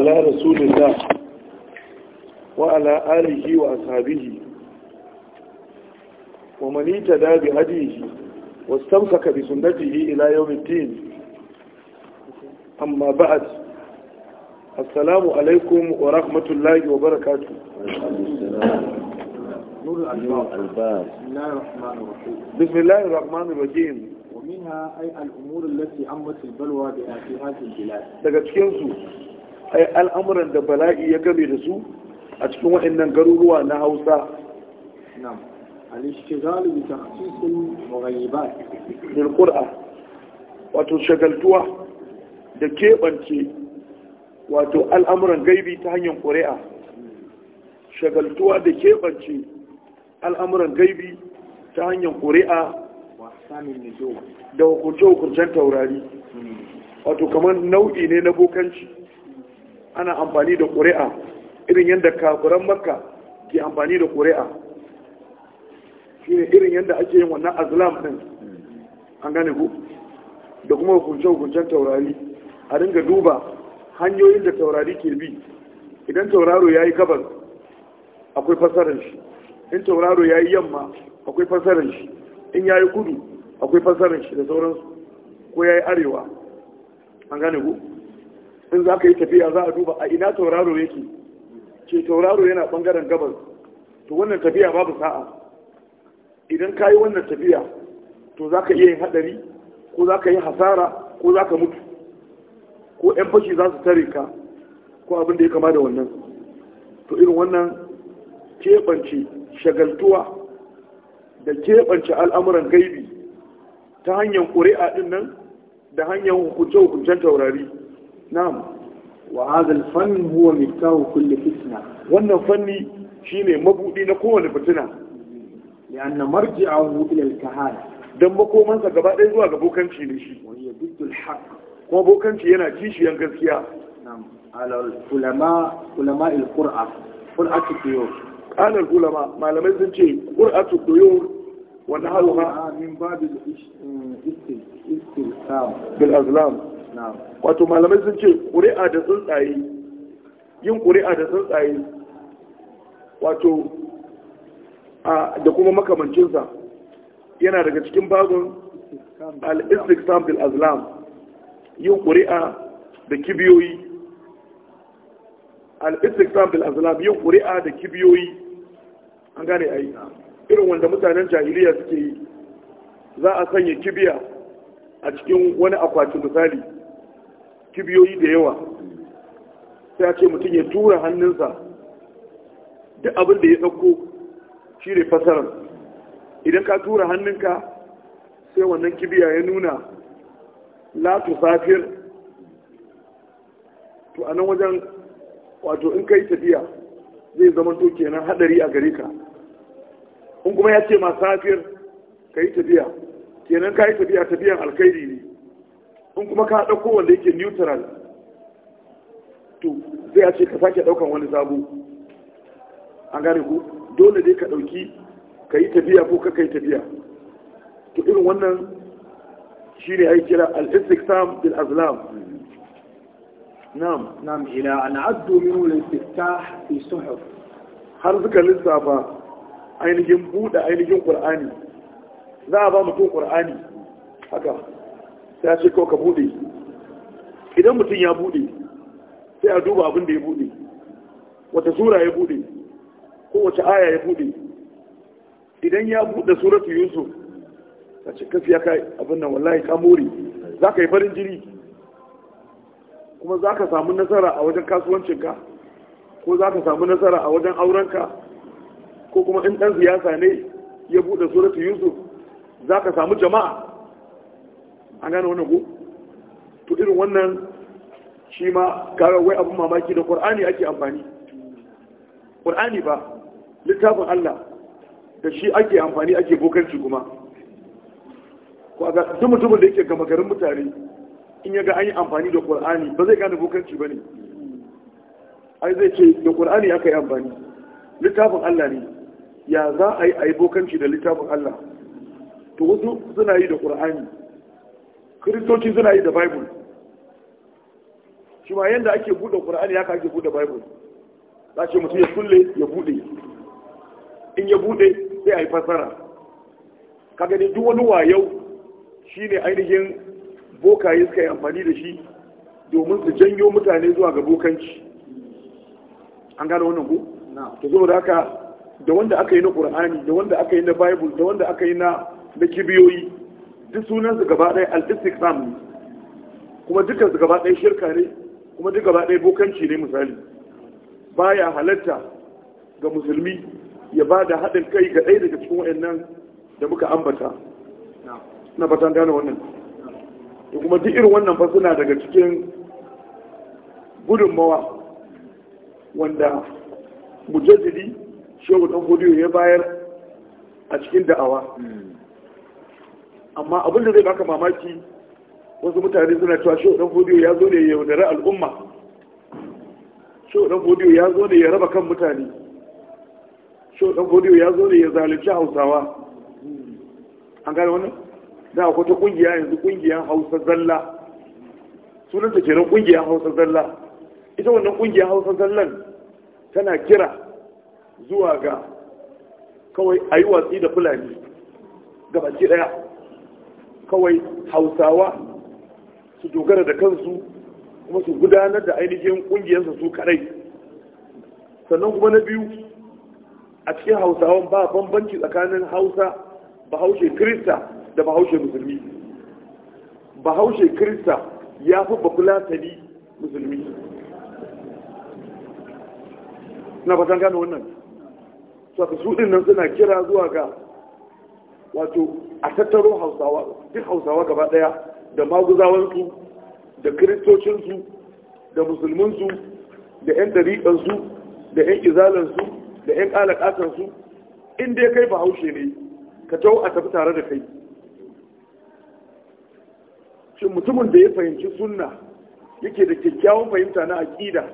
ala rasulillah wa ala alihi wa ashabihi wa man yatada bi hadihi wastamsaka bi sunnatihi ila yawmid din amma ba'd assalamu alaykum wa rahmatullahi wa barakatuh nur al-albab ومنها أي الأمور التي أمت البلوى في هذه البلاد تقتكينسو al'amuran da bala'i ya game da su a cikin waɗannan garuruwa na hausa wato shagaltuwa da keɓance wato al'amuran gaibi ta hanyar ƙuri'a shagaltuwa da keɓance al'amuran gaibi ta hanyar ƙuri'a da hukunce-hukuncen taurari hmm. wato kamar nau'i ne na bokanci ana amfani da ƙuri'a irin yadda kafiran makka ke amfani da ƙuri'a shi ne irin yadda ake yin wannan azlam ɗin an gane ku da kuma hukunce-hukuncen taurari a dinga duba hanyoyin da taurari ke bi idan tauraro ya yi gabas akwai fasarar shi in tauraro ya yi yamma akwai fasarar shi in ya yi kudu akwai fasarar shi da sauransu ko ya yi arewa an gane ku in za ka yi tafiya za a duba a ina tauraro yake ce tauraro yana bangaren gabas to wannan tafiya babu sa'a idan ka yi wannan tafiya to za ka iya yin haɗari ko za ka yi hasara ko za ka mutu ko 'yan fashi za su tare ka ko abin da ya kama da wannan to irin wannan keɓance shagaltuwa da keɓance al'amuran gaibi ta hanyar ƙuri'a ɗin nan da hanyar hukunce-hukuncen taurari na'am wa hadha al-fann huwa miftahu kulli fitna wannan fanni shine mabuɗi na kowane fitina li'anna marji'ahu ila al-kahana dan makomansa gaba ɗaya zuwa ga bokanci ne shi wa yaddu al-haq kuma bokanci yana kishiyar gaskiya na'am alal ulama ulama al-qur'a qur'atu tuyur malamai sun ce qur'atu tuyur wa naharuha min babil istilsam bil azlam wato malamai sun ce ƙuri'a da tsuntsaye yin ƙuri'a da tsuntsaye wato da kuma makamancinsa yana daga cikin bazon al-istiksam bil azlam yin ƙuri'a da kibiyoyi al-istiksam bil azlam yin ƙuri'a da kibiyoyi an gane ayi irin wanda mutanen jahiliya suke yi za a sanya kibiya a cikin wani akwatin misali kibiyoyi da yawa sai a ce mutum ya tura hannunsa duk abin da ya ɗauko shi ne fasarar idan ka tura hannunka sai wannan kibiya ya nuna latu safir to a nan wajen wato in kai tafiya zai zama to kenan hadari a gare ka in kuma ya ce ma safir ka yi tafiya kenan ka yi tafiya tafiyan alkhairi ne in kuma ka ɗauko wanda yake neutral to zai a ce ka sake ɗaukan wani sabo an gane ku dole dai ka ɗauki ka yi tafiya ko ka kai tafiya to irin wannan shi ne ake kira al-istiqsam bil azlam na'am na'am ila an addu min al-istiqsah fi suhuf har suka lissafa ainihin buɗe ainihin qur'ani za a ba mutum qur'ani haka Ta ce kawai ka bude idan mutum ya bude sai a duba abin da ya bude wata sura ya bude ko wace aya ya bude idan ya bude suratu yusuf ta ce ya kai abin nan wallahi ka more za ka yi farin jini kuma za ka samu nasara a wajen kasuwancinka ko za ka samu nasara a wajen aurenka ko kuma in ɗan siyasa ne ya bude suratu yusuf za ka samu jama'a an gane wannan ku? to irin wannan shi ma gara wai abin mamaki da ƙwar'ani ake amfani ƙwar'ani ba littafin Allah da shi ake amfani ake bokanci kuma ko a ga mutumin da yake gama garin mutane in ya ga an yi amfani da ƙwar'ani ba zai gane bokanci ba ne ai zai ce da ƙwar'ani aka yi amfani littafin Allah ne ya za a yi a yi bokanci da littafin Allah to wasu suna yi da ƙwar'ani kiristoci suna yi da bible shi ma yadda ake buɗe ƙur'ani ya ake buɗe bible za ce mutum ya kulle ya buɗe in ya buɗe sai a yi fasara ka gani duk wani wayau shi ne ainihin bokaye suka yi amfani da shi domin su janyo mutane zuwa ga bokanci an gano wannan ku? ta zo da haka da wanda aka yi na ƙur'ani da wanda aka yi na bible da wanda aka yi na kibiyoyi duk su gaba ɗaya al-istiqam kuma dukkan su gaba ɗaya shirka ne kuma duk gaba ɗaya bokanci ne misali baya halatta ga musulmi ya ba da haɗin kai ga ɗaya daga cikin wayannan da muka ambata na batan gane wannan da kuma duk irin wannan fa suna daga cikin gudunmawa wanda mujaddidi shehu dan hudu ya bayar a cikin da'awa hmm. amma abin da zai baka mamaki wasu mutane suna cewa shi dan fodiyo ya zo ne ya yaudare al'umma shi dan fodiyo ya zo ne ya raba kan mutane shi dan fodiyo ya zo ne ya zalunci hausawa an gane wani, da akwai ta kungiya yanzu kungiyar hausa zalla sunan ta kenan kungiyar hausa zalla ita wannan kungiyar hausa zallan tana kira zuwa ga kawai a yi watsi da fulani gabaki daya kawai hausawa su dogara da kansu kuma su gudanar da ainihin ƙungiyarsa su kadai sannan kuma na biyu a cikin hausawan ba bambanci tsakanin hausa bahaushe krista da bahaushe musulmi bahaushe krista ya fi bakulatani musulmi na fatan gano wannan su nan suna kira zuwa ga wato a tattaro hausawa duk hausawa gaba daya da maguzawansu da kiristocinsu da musulmansu da 'yan dariƙansu da 'yan izalansu da 'yan ƙalaƙatansu inda ya kai ba haushe ne ka tau a tafi tare da kai shi mutumin da ya fahimci sunna yake da kyakkyawan fahimta na aƙida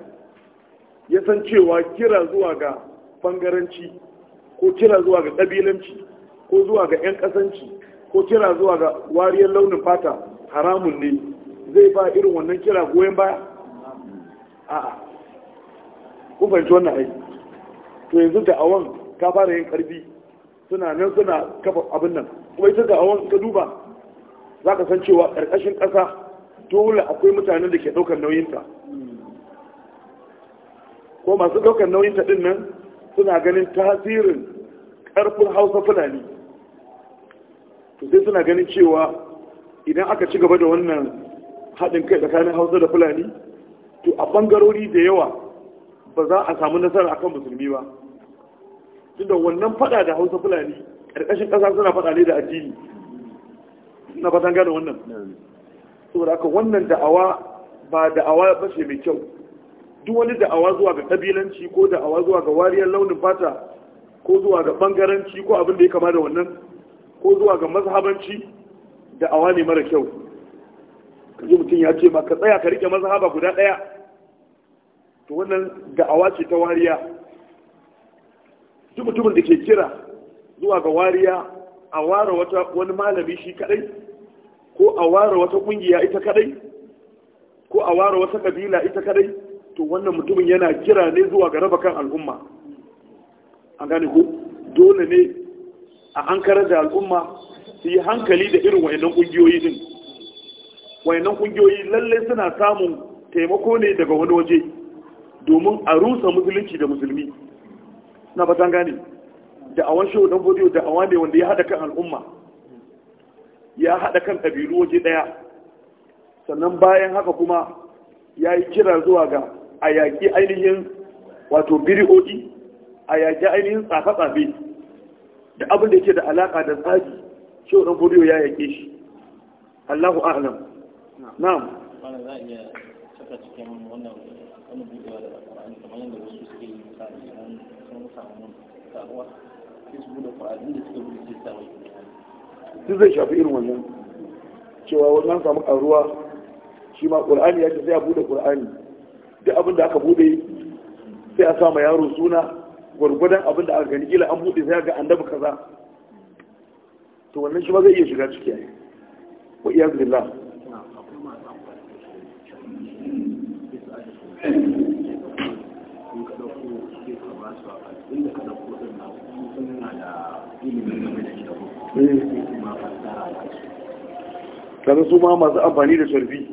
ya san cewa kira zuwa ga ɓangaranci ko kira zuwa ga ƙabilanci ko zuwa ga 'yan kasanci ko kira zuwa ga wariyar launin fata haramun ne zai ba irin wannan kira goyon baya a'a kun fahimci wannan aiki to yanzu da awon ta fara yin karbi suna nan suna kafa abin nan kuma ita da awon ka duba za ka san cewa karkashin ƙasa dole akwai mutanen da ke ɗaukar nauyinta ko masu ɗaukar nauyinta ɗin nan suna ganin tasirin ƙarfin hausa fulani to sai suna ganin cewa idan aka ci gaba da wannan haɗin kai tsakanin hausa da fulani to a ɓangarori da yawa ba za a samu nasara akan musulmi ba tunda wannan fada da hausa fulani ƙarƙashin ƙasa suna fada ne da addini na fatan gane wannan saboda aka wannan da'awa ba da'awa ba ce mai kyau duk wani da'awa zuwa ga ƙabilanci ko da'awa zuwa ga wariyar launin fata ko zuwa ga ɓangaranci ko abin da ya kama da wannan ko zuwa ga mazhabanci da awa ne mara kyau kaji mutum ya ce ma ka tsaya ka rike mazhaba guda ɗaya to wannan da'awa ce ta wariya duk mutumin da ke kira zuwa ga wariya a ware wani malami shi kadai ko a ware wata kungiya ita kadai ko a ware wata kabila ita kadai to wannan mutumin yana kira ne zuwa ga raba kan al'umma an gane ku, dole ne a ankarar da al'umma su yi hankali da irin wayannan kungiyoyi din wayannan ƙungiyoyi lallai suna samun taimako ne daga wani waje domin a rusa musulunci da musulmi na fatan gane da awan shehu dan bodiyo da awa ne wanda ya hada kan al'umma ya hada kan kabilu waje ɗaya. sannan bayan haka kuma ya yi kira zuwa ga a yaƙi ainihin wato biri'o'i a yaƙi ainihin tsafe-tsafe da abin da yake da alaka da tsagi shi wannan bodiyo ya yake shi Allahu a'lam na'am wannan za su zai shafi irin wannan cewa wannan samu karuwa shi ma Qur'ani ya ce sai a bude Qur'ani duk abin aka bude sai a sama yaro suna gwargwadon abin da aka gani ila an buɗe sai ga annabi kaza to wannan shi ba zai iya shiga ciki ai wa iya billah eh. kada su ma masu amfani da sharbi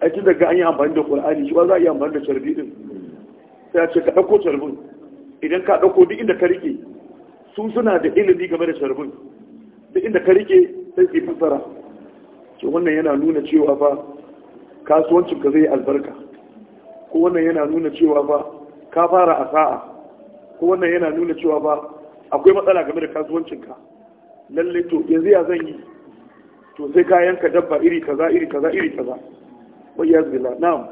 a cikin daga an yi amfani da ƙwar'ani shi ba za a yi amfani da sharbi din sai ce ka ɗauko sharbin idan ka ɗauko duk inda ka rike su suna da ilimi game da sharbin duk inda ka rike sai ke fassara ce wannan yana nuna cewa fa kasuwancin ka zai yi albarka ko wannan yana nuna cewa fa ka fara asa'a ko wannan yana nuna cewa fa akwai matsala game da kasuwancin ka lalle to yanzu ya zan yi to sai ka yanka dabba iri kaza iri kaza iri kaza wai yazbillah na'am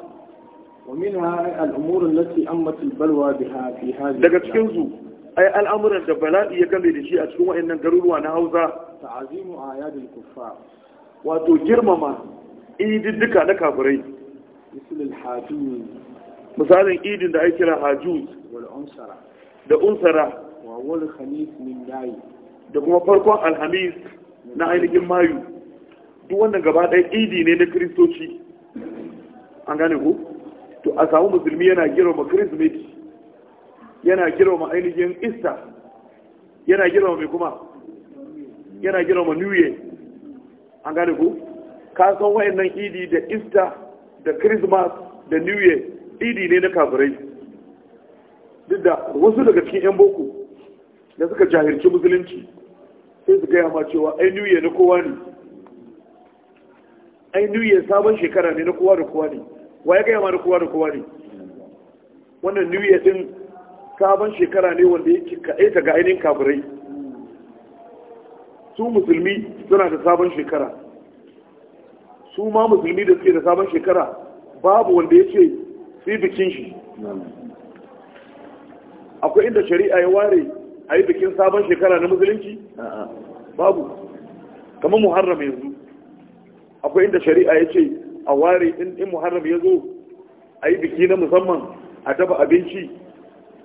daga cikin su ai al'amuran da bala'i ya gane da shi a cikin wa'annan garuruwa na Hausa wato girmama ididdika na kafirai misalin misalin idin da ake kira hajjuz da unsara wa min da kuma farkon alhamis na ainihin mayu duk wannan gaba ɗaya idi ne na kristoci an gane ku to a samu musulmi yana girma kirismeti yana girma ainihin easter yana girma mai kuma yana girma new year an gane ku ka san nan idi da easter da christmas da new year idi ne na kafirai duk da wasu daga cikin 'yan boko da suka jahilci musulunci sai su gaya ma cewa ai new year na kowa ne ai new year sabon shekara ne na kowa da kowa ne wa ya gaya ma da kowa da kowa ne wannan new year din sabon shekara ne wanda yake kaɗai ta ga ainihin kafirai su musulmi suna da sabon shekara su ma musulmi da suke da sabon shekara babu wanda ya ce sai bikin shi akwai inda shari'a ya ware a yi bikin sabon shekara na musulunci babu kamar muharram yanzu akwai inda shari'a ya ce a ware in muharram ya zo a yi biki na musamman a dafa abinci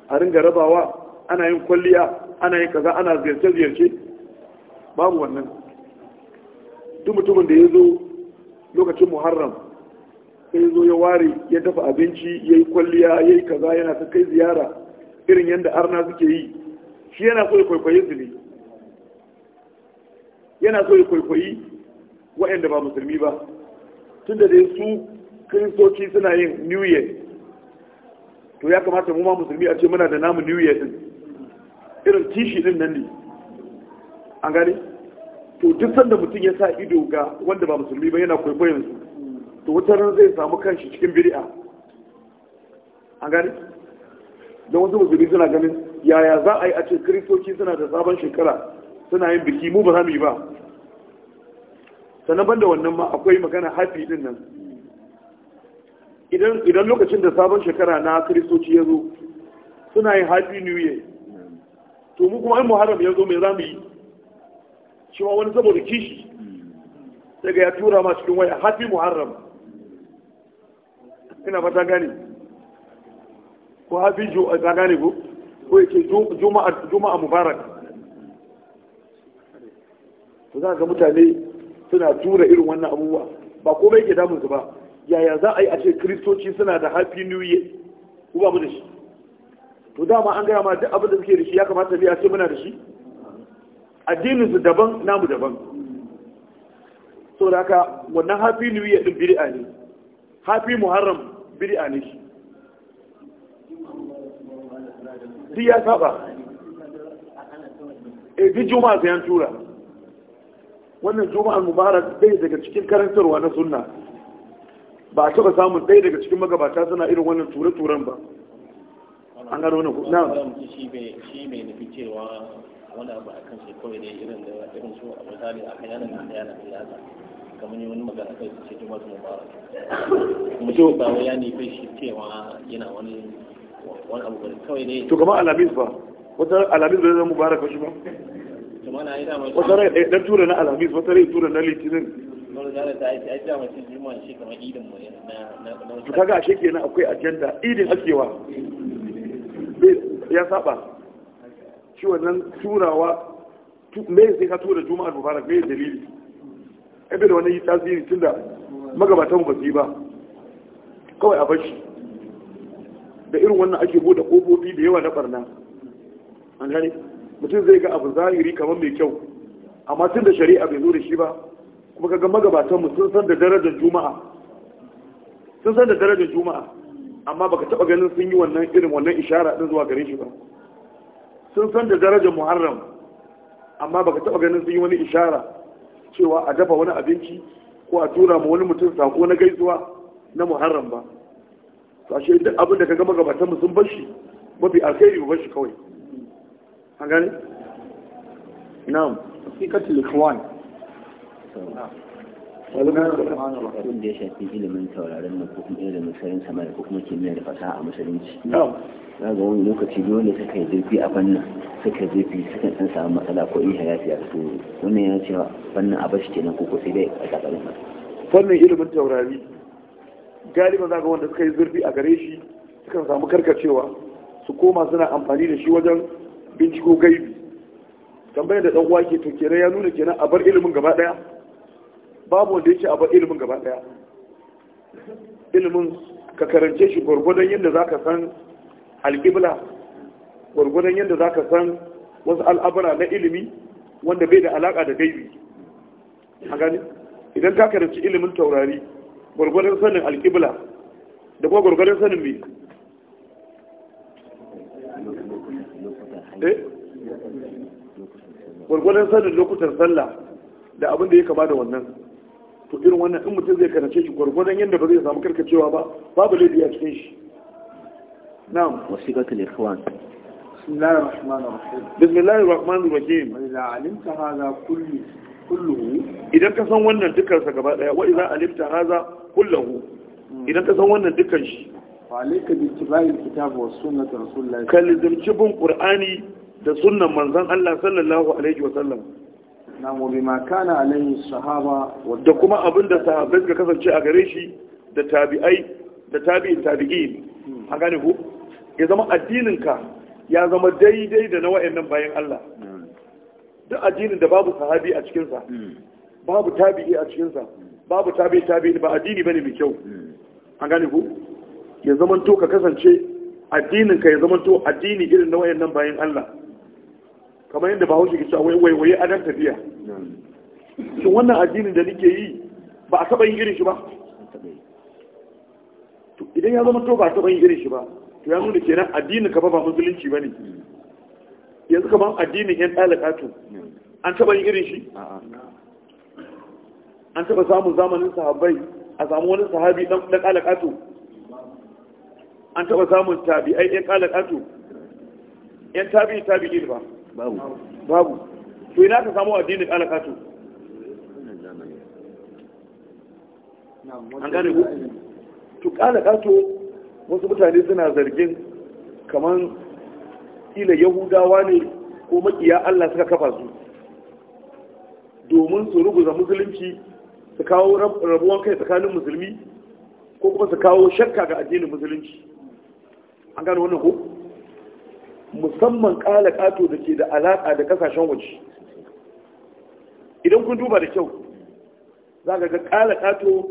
a ringa rabawa ana yin kwalliya ana yin kaza ana ziyarce-ziyarce babu wannan duk mutumin da ya zo lokacin muharram sai ya zo ya ware ya dafa abinci ya yi kwalliya ya yi kaza yana ta kai ziyara irin yadda arna suke yi shi yana so ya kwaikwayi su ne yana so ya kwaikwayi waɗanda ba musulmi ba da dai su kiristoci suna yin new year to ya kamata mu ma musulmi a ce muna da namu new year din irin tishi din nan ne an gani. to duk sanda mutum ya sa ido ga wanda ba musulmi ba yana kwaikwayon su to wata ran zai samu kanshi cikin bid'a an gani. don wasu musulmi suna ganin yaya za a yi a ce kiristoci suna da sabon shekara suna yin biki mu ba za mu yi ba sannan banda wannan ma akwai magana hafi din nan idan lokacin da sabon shekara na kiristoci ya zo suna yin happy new year to mu kuma in muharram ya zo mai za mu yi shi ma wani saboda kishi daga ya tura ma cikin waya happy muharram ina fata gane ko happy ta gane ko ko yake juma'a mubarak to za ga mutane suna tura irin wannan abubuwa ba komai ke damunsu ba yaya za a yi a ce kristoci suna da happy new year ku ba mu da shi to dama an gaya ma duk abin da suke da shi ya kamata ne a ce muna da shi addinin su daban namu daban da haka wannan happy new year din bid'a ne happy muharram bid'a ne shi duk ya saba e duk juma'a sai an tura wannan juma'ar mubarak ɗaya daga cikin karantarwa na sunna ba a taɓa samun ɗaya daga cikin magabata suna irin wannan ture ba an gano wani na shi mai nufi cewa wani abu a kan shi kawai dai irin da irin su a misali a kayana na kayana da yasa kamar yi wani magana kai su ce juma'ar mubarak kuma shi ba wai ya nufi shi cewa yana wani wani abu kawai dai to kamar alamis ba wata alamis ba zai zama mubarak ba shi ba wata rai ɗaya ɗan tura na alhamis wata rai tura na litinin to kaga ashe kenan akwai ajanda idin akewa ya saba shi wannan turawa me sai ka tura juma'a mubarak me dalili ebe da wani tasiri tunda magabatan ba yi ba kawai a bashi da irin wannan ake bude kofofi da yawa na barna an gane mutum zai ga abu zahiri kamar mai kyau amma tun da shari'a bai zo da shi ba kuma ga magabatan sun san da darajar juma'a sun san da darajar juma'a amma baka taba ganin sun yi wannan irin wannan ishara din zuwa gare shi ba sun san da darajar muharram amma baka taba ganin sun yi wani ishara cewa a dafa wani abinci ko a tura ma wani mutum sako na gaisuwa na muharram ba to ashe duk abin da kaga magabatan mu sun bar shi mafi alkhairi ba shi kawai an gane na'am sikatul ikhwan da ya shafi ilimin taurarin nan ko kuma ilimin sayan sama da kuma kimiyya da fasaha a musulunci za ga wani lokaci dole suka yi zurfi a fannin suka zurfi suka san samu matsala ko in ya fiya su wannan yana cewa fannin a bashi kenan ko sai dai a tsakarin masu fannin ilimin taurari galiba za ga wanda suka yi zurfi a gare shi sukan samu karkacewa su koma suna amfani da shi wajen binciko gaibi tambayar da ɗan'uwa ke to kenan ya nuna kenan a bar ilimin gaba ɗaya babu wanda yake a bar ilimin gaba ɗaya ilimin ka karance shi gwargwadon yadda za ka san alƙibla gwargwadon yadda za ka san wasu al'abara na ilimi wanda bai da alaƙa da gaibi a gani idan ka karanci ilimin taurari gwargwadon sanin alƙibla da kuma gwargwadon sanin mai Eh? gwargwadon sanin lokutan sallah da abin da ya kama da wannan to irin wannan in mutum zai karance shi gwargwadon yadda ba zai samu karkacewa ba babu laifi a cikin shi na'am wasu ikhwan بسم الله الرحمن الرحيم بسم الله الرحمن الرحيم وإذا علمت هذا كله wannan dukkan sa gaba daya wa idza alimta haza kullahu idan ka san wannan dukkan shi falaika bi tibayin kitabu wa sunnati rasulullahi ka lizimci bin qur'ani da sunnan manzon Allah sallallahu alaihi wa sallam na mu bima kana alaihi sahaba da kuma abinda sahabbai suka kasance a gare shi da tabi'ai da tabi'in tabi'in a gane ku ya zama addinin ka ya zama daidai da na wa'annan bayan Allah duk addinin da babu sahabi a cikinsa babu tabi'i a cikinsa babu tabi'i tabi'i ba addini bane mai kyau an gane ku ya zamanto ka kasance addininka ya zamanto addini irin na wayannan bayan Allah kamar yadda bahaushe ke cewa wai wai adan tafiya shin wannan addinin da nake yi ba a taɓa yin irin shi ba idan ya zama to ba a taɓa yin irin shi ba to ya nuna kenan addinin ka ba ba musulunci ba ne hmm. yanzu kamar addinin yan ɗalakatu hmm. an taɓa yin irin shi an taɓa samun zamanin sahabbai a samu wani sahabi ɗan ɗalakatu an taɓa samun tabi'ai ya kala kato yan tabi ne ba babu to ina ka samu addinin kala kato an gane ku to kala kato wasu mutane suna zargin kaman ila yahudawa ne ko makiya Allah suka kafa su domin su ruguza musulunci su kawo rabuwan kai tsakanin musulmi ko kuma su kawo shakka ga addinin musulunci an gano wannan ko musamman kala kato da ke da alaƙa da kasashen waje idan kun duba da kyau za ka ga kala kato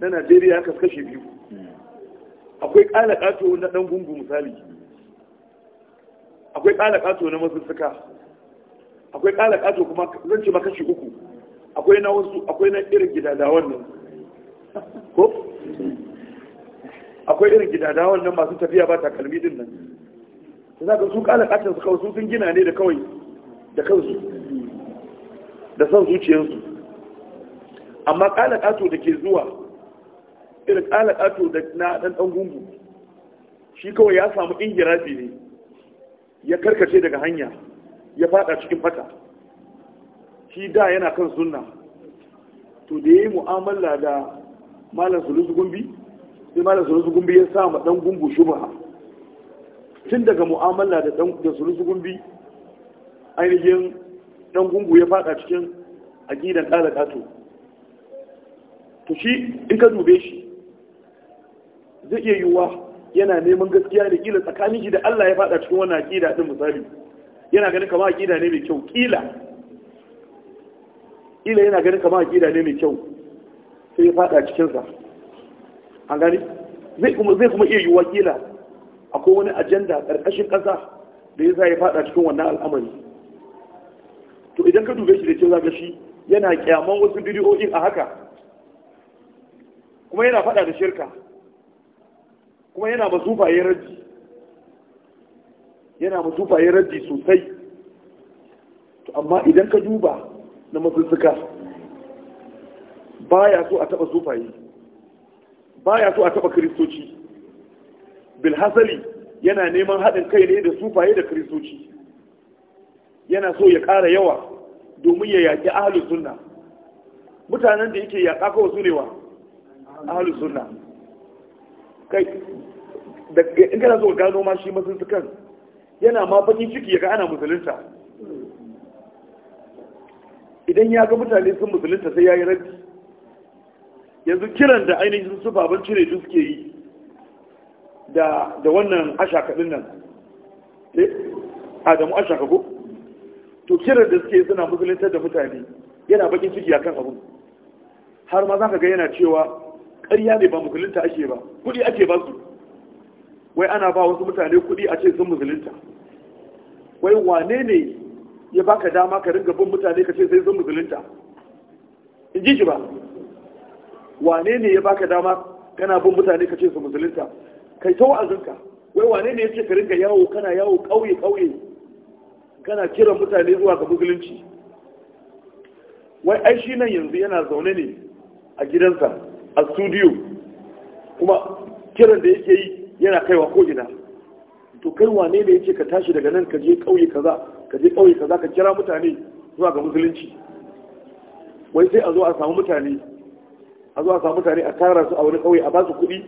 na najeriya kaskashe biyu akwai kala kato na ɗan gungu misali akwai kala kato na masussuka akwai kala kato kuma zan ce makashi uku akwai na wasu akwai na irin gidadawan nan ko akwai irin gidada wannan masu tafiya ba takalmi din nan za ka su kala katin su kawai sun gina ne da kawai da kansu da son zuciyarsu amma kala kato da ke zuwa irin kala kato da na dan dan gungu shi kawai ya samu ingirafi ne ya karkace daga hanya ya fada cikin fata shi da yana kan sunna to da yayi mu'amala da malam sulusu gumbi sai da sulusu gumbi ya sa ma dan gungu shubha tun daga mu'amala da dan da sulusu gumbi ainihin dan gungu ya fada cikin aqidan kala kato to shi in ka dube shi zai iya yiwuwa yana neman gaskiya da kila tsakanin shi da Allah ya fada cikin wannan aqida din misali yana ganin kamar aqida ne mai kyau kila kila yana ganin kamar aqida ne mai kyau sai ya fada cikin sa an gani zai kuma iya yiwuwa kila akwai wani ajanda ƙarƙashin ƙasa da ya sa ya fada cikin wannan al'amari to idan ka dube shi da cewa zaka shi yana kyaman wasu bidiyoyin a haka kuma yana fada da shirka kuma yana masufayen raji yana masufayen raji sosai to amma idan ka duba na ba baya so a taba yi. baya so a taba kristoci bilhazali yana neman haɗin kai ne da sufaye da kristoci yana so ya ƙara yawa domin ya yaƙi ahalus sunna mutanen da yake yaƙa kawai su ne wa ahalus sunna kai da in kana so gano ma shi masuntukan yana ma bakin ciki ya ga ana musulunta idan ya ga mutane sun musulunta sai ya yi rabbi yanzu kiran da ainihin su baban cire duk ke yi da wannan ashakaɗin nan eh? adamu ashaka ko to kiran da suke suna musuluntar da mutane yana bakin ciki akan abu har ma za ka ga yana cewa ƙarya ne ba musulunta ake ba kuɗi ake ba su wai ana ba wasu mutane kuɗi a ce sun musulunta wai wane ne ya baka dama ka ringa bin mutane ka ce sai sun musulunta in ji shi ba wane ne ya baka dama kana bin mutane ka ce su musulunta kai ta wa'azinka wai wane ne ya ce ka rinka yawo kana yawo kauye kauye kana kira mutane zuwa ga musulunci wai ai shi nan yanzu yana zaune ne a gidansa a studio kuma kiran da yake yi yana kaiwa ko ina to kai wane ne ce ka tashi daga nan ka je kauye kaza ka je kauye kaza ka kira mutane zuwa ga musulunci wai sai a zo a samu mutane a zuwa samu mutane a tara su a wani kauye a ba su kuɗi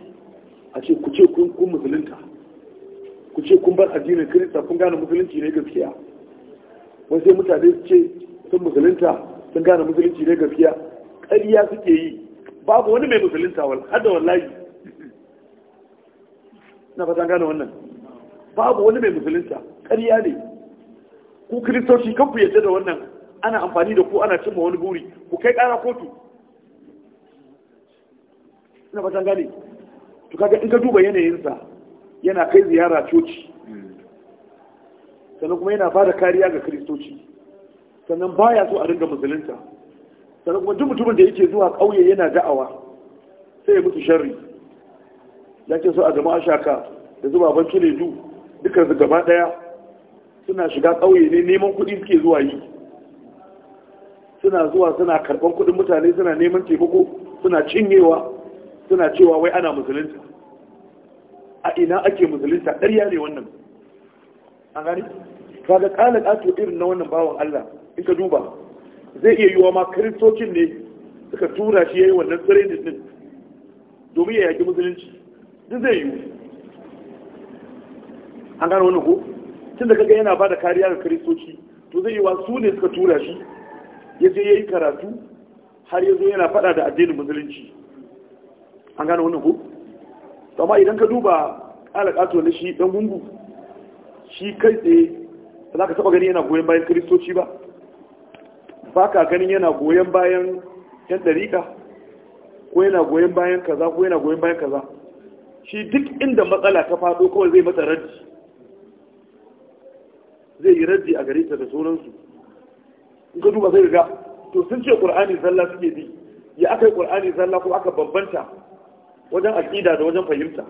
a ce ku ce kun musulunta ku ce kun bar addinin kirista kun gane musulunci ne gaskiya wani sai mutane su ce sun musulunta sun gane musulunci ne gaskiya Ƙariya suke yi babu wani mai musulunta wal hada wallahi na fata gane wannan babu wani mai musulunta ƙariya ne ku kiristoci kan ku yadda da wannan ana amfani da ku ana cimma wani buri ku kai ƙara kotu ina fatan gane to kaga in ka duba yanayinsa yana kai ziyara coci sannan kuma yana fara kariya ga kiristoci sannan baya so a ringa musulunta sannan kuma duk mutumin da yake zuwa kauye yana da'awa sai ya mutu sharri yake so a jama'a shaka da zuba ban du dukkan su gaba daya suna shiga kauye ne neman kuɗi suke zuwa yi suna zuwa suna karɓan kuɗin mutane suna neman taimako suna cinyewa suna cewa wai ana musulunta a ina ake musulunta ɗarya ne wannan an gani kaga kalan ato irin na wannan bawan Allah in ka duba zai iya yiwa ma kiristocin ne suka tura shi yayi wannan training din domin ya yaki musulunci duk zai yiwu an gani wannan ko tunda kaga yana bada kariya ga kiristoci to zai yiwa su ne suka tura shi ya je yayi karatu har yanzu yana faɗa da addinin musulunci an gane wannan ko? to amma idan ka duba alaƙato na shi dan gungu shi kai tsaye za ka taɓa gani yana goyon bayan kiristoci ba ba ka ganin yana goyon bayan yan ɗariƙa ko yana goyon bayan kaza ko yana goyon bayan kaza shi duk inda matsala ta faɗo kawai zai mata raddi zai yi raddi a gare ta da sauransu in ka duba sai riga to sun ce ƙur'ani zalla suke bi ya aka yi ƙur'ani zalla ko aka bambanta wajen aƙida da wajen fahimta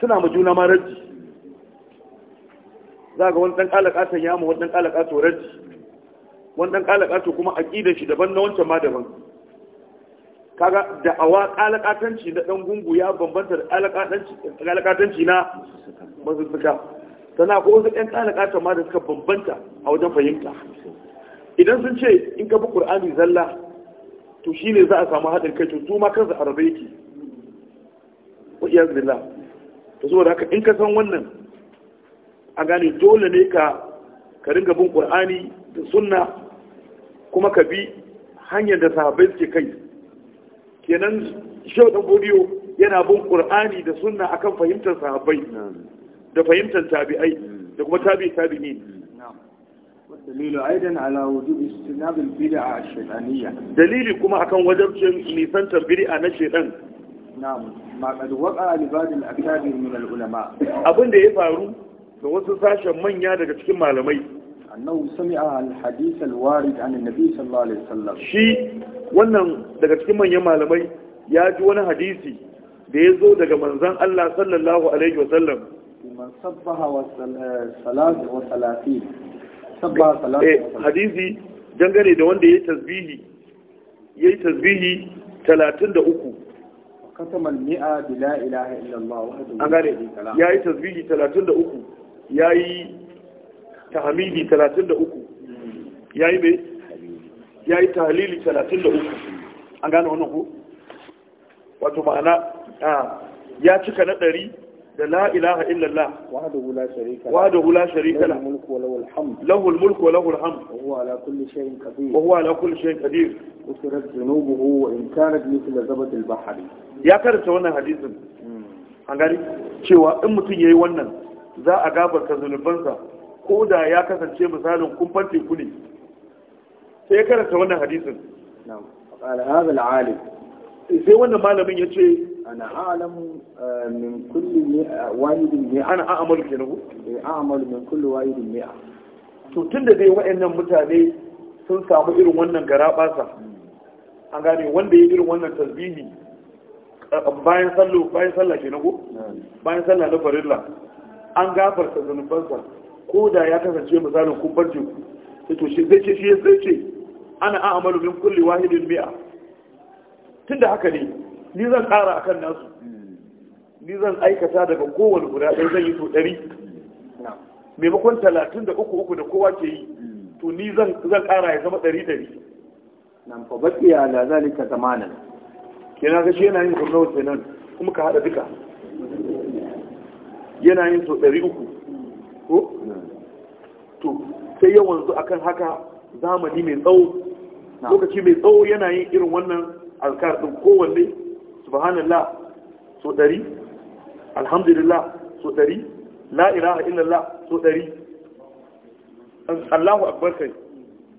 suna ma juna ma raji za ga wani ɗan ƙalaƙatan ya ma wani ɗan ƙalaƙato raji wani ɗan ƙalaƙato kuma aƙidan shi daban na wancan ma daban kaga da awa ƙalaƙatanci na ɗan gungu ya bambanta da ƙalaƙatanci na masussuka sana ko wasu ɗan ƙalaƙatan ma da suka bambanta a wajen fahimta idan sun ce in ka bi ƙur'ani zalla to shi ne za a samu haɗin kai to su ma kansa a rabe yake wa iya zila zuwa da haka in ka san wannan a gane dole ne ka ka ringa bin qur'ani da sunna kuma ka bi hanyar da sahabbai suke kai kenan shi dan bodiyo yana bin ƙwar'ani da sunna akan fahimtar sahabai da fahimtar tabi'ai da kuma tabi ne dalilu aidan ala wujub istinab al bid'a al shaytaniyya dalili kuma akan wajibcin nisantar bid'a na shaytan na'am ma qad waqa li ba'd al min al abinda ya faru ga wasu sashen manya daga cikin malamai annahu sami'a al hadith al warid an annabi sallallahu alaihi shi wannan daga cikin manyan malamai ya ji wani hadisi da ya zo daga manzan Allah sallallahu alaihi wasallam man sabbaha wa salati Eh, hadisi dangane da wanda ya yi tasbihi ya tasbihi talatin da uku an gane ya yi tasbihi talatin da uku ya yi tahamili talatin da uku ya yi an gane wannan ku wato ma'ana ah, ya cika na ɗari da la ilaha illallah wahdahu la sharika wahdahu la sharika lahu mulku wa lahu alhamd lahu almulku wa lahu alhamd wa huwa ala kulli shay'in qadir wa huwa ala kulli shay'in qadir usirat dhunubuhu wa in kanat mithla zabat albahr ya karanta wannan hadisin hmm. an gari cewa in mutum yayi wannan za a gafarta zunubansa ko da ya kasance misalin kumfan teku ne sai ya karanta wannan hadisin na'am qala hadha alalim sai wannan malamin yace ana a'lamu min kulli wahidin ne ana a'malu kenan ko eh a'malu min kulli wahidin ne to tunda dai wayannan mutane sun samu irin wannan garabasa an gane wanda ya irin wannan tasbihi bayan sallo bayan sallah kenan ko bayan sallah na farilla an gafarta zanubansa ko da ya kasance misalin kubbar teku to shi zai ce shi zai ce ana a'malu min kulli wahidin mi'a tunda haka ne ni zan ƙara akan nasu ni zan aikata daga kowane guda ɗaya zan yi to ɗari maimakon talatin da uku uku da kowa ke yi to ni zan ƙara ya zama ɗari ɗari nan fa baki ya la zalika zamanan kenan ga shi yana yin kurnawa kenan kuma ka haɗa duka yana yin to ɗari uku ko to sai yawan wanzu akan haka zamani mai tsawo lokaci mai tsawo yana yin irin wannan alkar ɗin kowanne subhanallah so ɗari alhamdulillah so dari. la illallah so dari. allahu akbar kai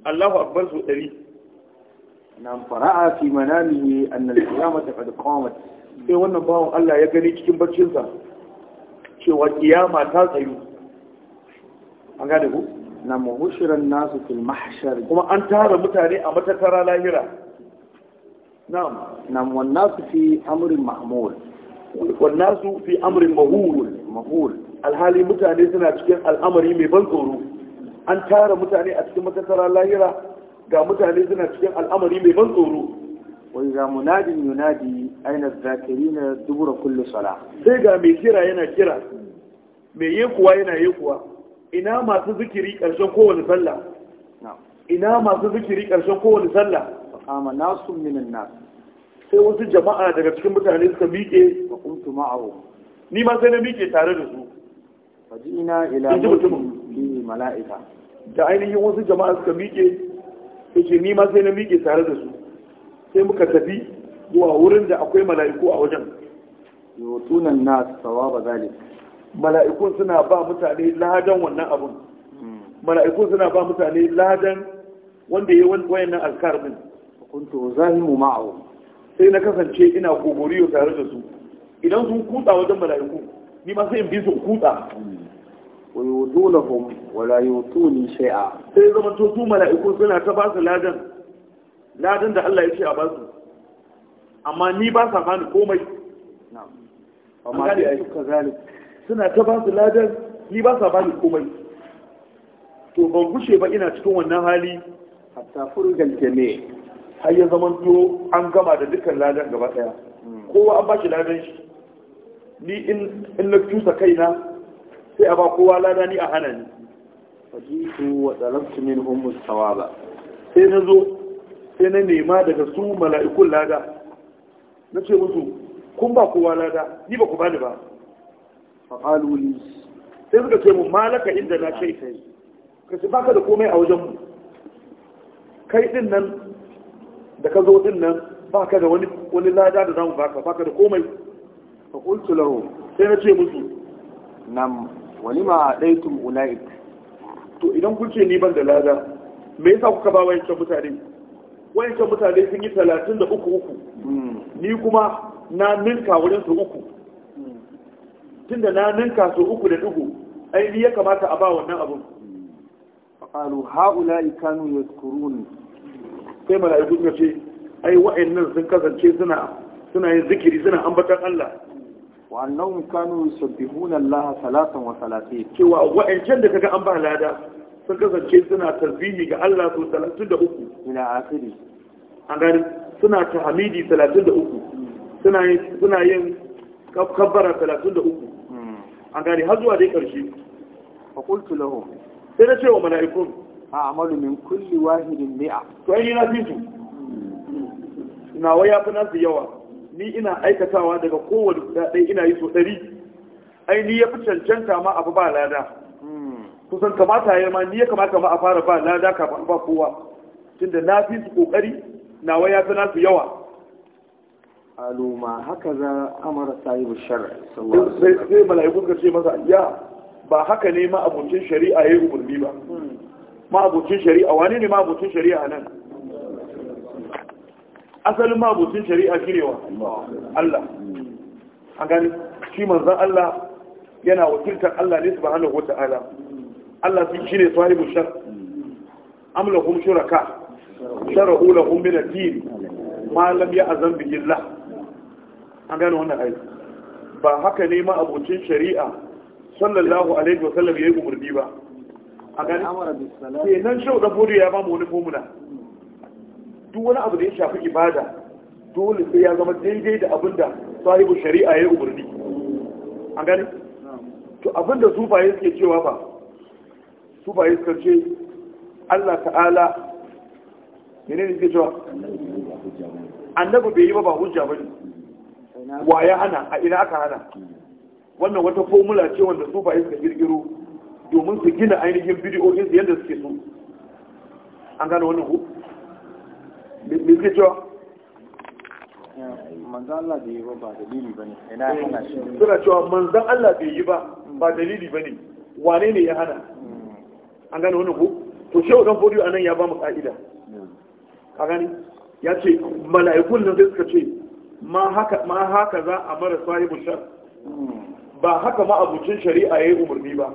allahu akbar so dari. Na fara'a fi manamihi annal qiyamata qad qamat sai wannan bawon Allah ya gani cikin barcinsa cewa kiyama ta tsayu an gane ku na muhushiran nasu fil mahshar kuma an tara mutane a matattara lahira na'am nam wannasu fi amrin mahmul alhali mutane suna cikin al'amari mai ban tsoro an tara mutane a cikin matattara lahira ga mutane suna cikin al'amari mai ban tsoro wai ga munadin yunadi aina zakiri na dubura kullu sala sai ga mai kira yana kira mai yekuwa yana yekuwa ina masu zikiri ƙarshen kowane sallah ina masu zikiri ƙarshen nasu sai wasu jama'a daga cikin mutane suka miƙe a kuntu ma'ahu ni ma sai na miƙe tare da su fajina ila ni mala'ika da ainihin wasu jama'a suka miƙe sai ni ma sai na miƙe tare da su sai muka tafi zuwa wurin da akwai mala'iku a wajen yutunan na sawaba zalik mala'ikun suna ba mutane ladan wannan abun hmm. mala'ikun suna ba mutane ladan wanda ya yi wannan azkar din kuntu zalimu ma'ahu sai na kasance ina ya tare da su idan sun kutsa wajen mala'iku ni ma sai in bi su kutsa wa yudunahum wa la yutuni shay'a sai zama to su mala'iku suna ta ba su ladan ladan da Allah ya ce a ba su amma ni ba sa bani komai na'am amma dai suka zalik suna ta ba su ladan ni ba sa bani komai to ban gushe ba ina cikin wannan hali hatta furgal jami'a har ya zama to an gama da dukkan ladan gaba daya kowa an bashi ladan shi ni in na cusa kaina sai a ba kowa lada ni a hana ni fajitu wa talabtu minhum mustawaba sai na zo sai na nema daga su mala'ikun lada na ce musu kun ba kowa lada ni ba ku bani ba fa qalu li sai suka ce mu malaka inda na kai kai ka baka da komai a wajen mu kai din nan da ka zo din nan ka da wani lada da zamu baka ka da komai fa qultu lahu sai na ce musu nam walima daitum ulaik to idan kun ce ni ban da lada me yasa kuka ba wayancan mutane wayancan mutane sun yi 33 uku hmm. ni kuma na ninka wurin su uku tunda na ninka su uku da dugu ai ni ya kamata a ba wannan abun hmm. qalu haula'i kanu yadhkuruni sai mala'iku suka ce ai wa'annan sun kasance suna suna yin zikiri suna ambatan Allah wa annahum kanu yusabbihuna Allah salatan wa salatin cewa wa'ancan da kaga an ba lada sun kasance suna tasbihi ga Allah to 33 ila akhiri an gani suna tahmidi 33 suna yin suna yin kabbara 33 hmm. an gani har zuwa dai karshe fa qultu lahum sai na ce wa mala'ikun a'malu min كل واحد mi'a to ai na fitu nawa ya fi nasu yawa ni ina aikatawa daga kowane guda ɗaya ina yi so ai ni ya fi cancanta ma abu ba lada kusan kamata ya ma ni ya kamata a fara ba lada kafin ba kowa na fi su kokari nawa ya fi nasu yawa aluma haka za amara sahibu sai mala'iku masa ya ba haka ne ma abincin shari'a ya yi umarni ba ma'abucin shari'a wani ne ma'abucin shari'a nan asalin ma'abucin shari'a shi ne wa Allah A gani shi manzan Allah yana wakiltar Allah ne su ba hannun wata ala Allah sun shi ne sahibu shar amlahum shuraka sharahu lahum min ad Malam, ma lam ya'zam bi Allah gani wannan aiki. ba haka ne ma abocin shari'a sallallahu alaihi wa sallam yi umarni ba a gani ke nan shau dan bodi ya ba mu wani formula duk wani abu da ya shafi ibada dole sai ya zama daidai da abin da sahibu shari'a ya umarni a gani to abin da sufaye suke cewa ba sufaye suka ce Allah ta'ala menene suke cewa annabi bai yi ba ba hujja bane wa ya hana a ina aka hana wannan wata formula ce wanda sufaye suka girgiro domin su gina ainihin bidiyoyin su yadda suke so an gane wannan ku mai suke cewa manzan Allah bai yi ba ba dalili ba ne suna cewa manzan Allah bai yi ba ba dalili ba ne wane ne ya hana hmm. an gane wannan ku to shi wadon bodiyo anan ya ba mu ka'ida hmm. ka gani ya ce mala'ikun nan sai suka ce ma haka za a mara sahibu shar hmm. ba haka ma abucin shari'a ya yi umarni ba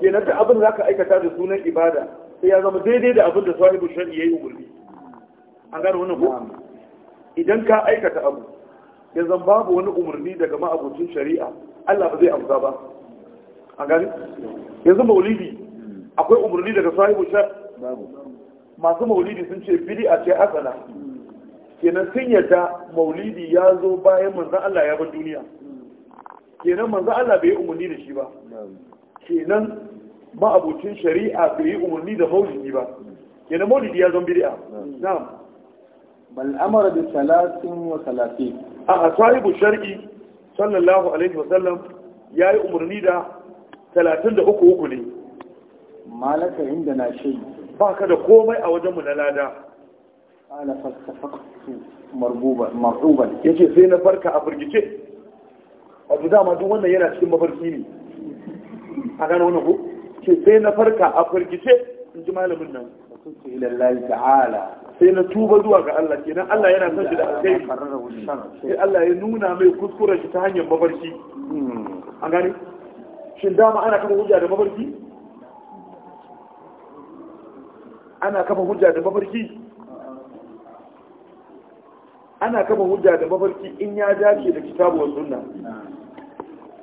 kenan da abin zaka ka aikata da sunan ibada sai ya zama daidai da abin da sahibu shari'a yayi umurni an gane wannan ko idan ka aikata abu ya zan babu wani umurni daga ma'abucin shari'a Allah ba zai amsa ba an gane yanzu maulidi akwai umurni daga sahibu shari'a. masu maulidi sun ce a ce asala kenan sun yadda maulidi ya zo bayan manzon Allah ya bar duniya kenan manzon Allah bai yi umurni da shi ba kenan ma'abucin shari'a bai yi umarni da maulidi ba kenan maulidi ya zan bid'a na'am bal amara bi salatin wa salatin a sahibu shari'i, sallallahu alaihi wa sallam yi umarni da da uku uku ne malaka inda na shi ba ka da komai a wajenmu na lada ala fasafaqtu marbuba Ya ce sai na farka a a wato dama duk wannan yana cikin mafarki ne a gane wani ku ce sai na farka a farkice in ji malamin nan sai na tuba zuwa ga Allah kenan Allah yana son shi da alkai sai Allah ya nuna mai kuskuren shi ta hanyar mafarki hmm. an gane shin dama ana kafa hujja da mafarki ana kafa hujja da mafarki ana kafa hujja da mafarki in ya dace da kitabu wa sunna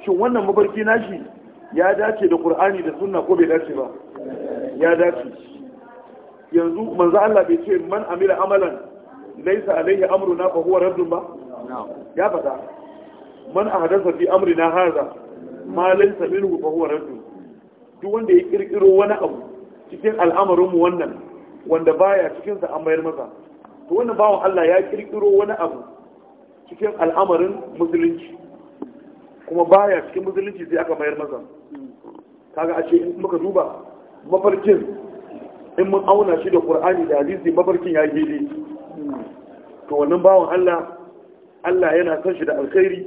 shin wannan mafarki nashi ya dace da ƙur'ani da sunna ko bai dace ba ya dace yanzu manzo Allah bai ce man amila amalan laysa alaihi amruna fa huwa raddun ba ya fada. man ahdatha fi amrina hadha ma laysa minhu fa huwa raddun duk wanda ya kirkiro wani abu cikin al'amarin mu wannan wanda baya cikin sa an bayar masa to wannan bawon Allah ya kirkiro wani abu cikin al'amarin musulunci kuma baya cikin musulunci sai aka bayar masa kaga ashe in muka duba mafarkin in mun auna shi da qur'ani da hadisi mafarkin ya gele to wannan bawan Allah Allah yana son shi da alkhairi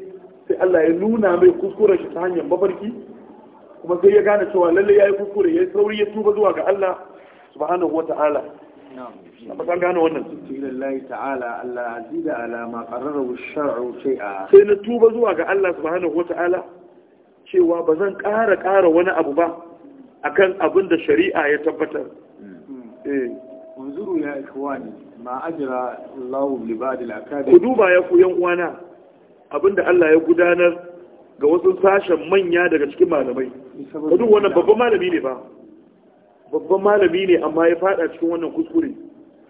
sai Allah ya nuna mai kuskuren shi ta hanyar mafarki kuma sai ya gane cewa lalle yayi kuskure yayi sauri ya tuba zuwa ga Allah subhanahu wata'ala na'am kan gane wannan lillahi ta'ala Allah azida ala ma qarrara shay'a sai na tuba zuwa ga Allah subhanahu wata'ala cewa ba zan ƙara ƙara wani abu ba a kan abin da shari'a ya tabbatar wanzuru hmm. eh. ya ikhwani ma ajira Allah ku duba ya ku yan uwana da Allah ya gudanar ga wasu sashen manya daga cikin malamai Kudu babban malami ne ba babban malami ne amma ya fada cikin wannan kuskure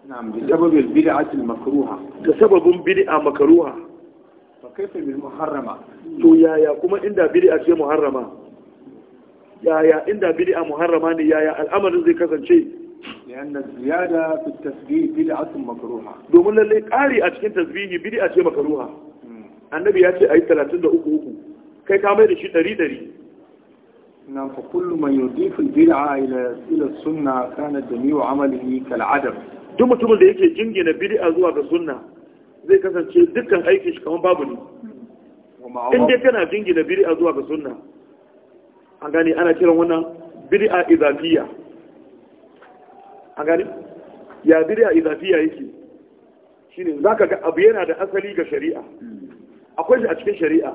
na'am bi sababil bid'ati makruha da sababin bid'a makruha kaifa bil muharrama to yaya kuma inda bid'a ce muharrama yaya inda bid'a muharrama ne yaya al'amarin zai kasance lianna ziyada fi tasbih bid'atu makruha domin lalle qari a cikin tasbihi bid'a ce makruha annabi ya ce ayi 33 kai ka mai da shi dari dari na fa kullu man yudifu bid'a ila ila sunna kana jami'u amalihi kal adam duk mutumin da yake jingina bid'a zuwa ga sunna zai kasance dukkan aikin shi kamar babu ne in dai kana jingina a zuwa ga sunna a gani ana kiran wannan a izafiya a gani ya a izafiya yake za ka ga abu yana da asali ga shari'a akwai shi a cikin shari'a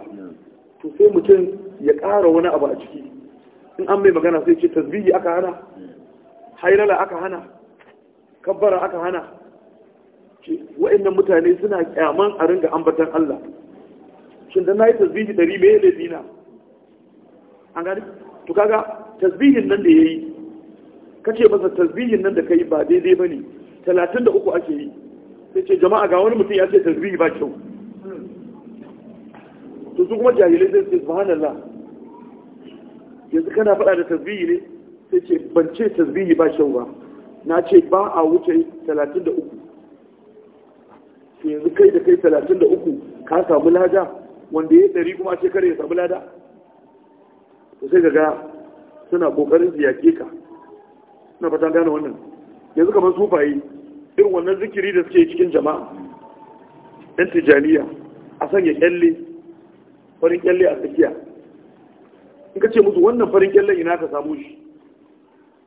to sai mutum ya ƙara wani abu a ciki in an mai magana sai ce tasbihi aka hana hairala aka hana kabbara aka hana wa'annan mutane suna kyaman a ringa ambatan Allah shin dan nayi tasbihi dari me yake dina an gani to kaga tasbihin nan da yayi kace masa tasbihin nan da kai ba daidai bane 33 ake yi sai ce jama'a ga wani mutum ya ce tasbihi ba kyau to su kuma jahilai sai su subhanallah yanzu kana faɗa da tasbihi ne sai ce ban ce tasbihi ba kyau ba na ce ba a wuce 33 yanzu kai da kai talatin da uku ka samu lada wanda ya ɗari kuma ce kare ya samu lada to sai gaga suna kokarin su yake ka suna fatan gane wannan yanzu kamar sufaye irin wannan zikiri da suke cikin jama'a yan tijaniya a sanya kyalle farin kyalle a tsakiya in ka ce musu wannan farin kyalle ina ka samu shi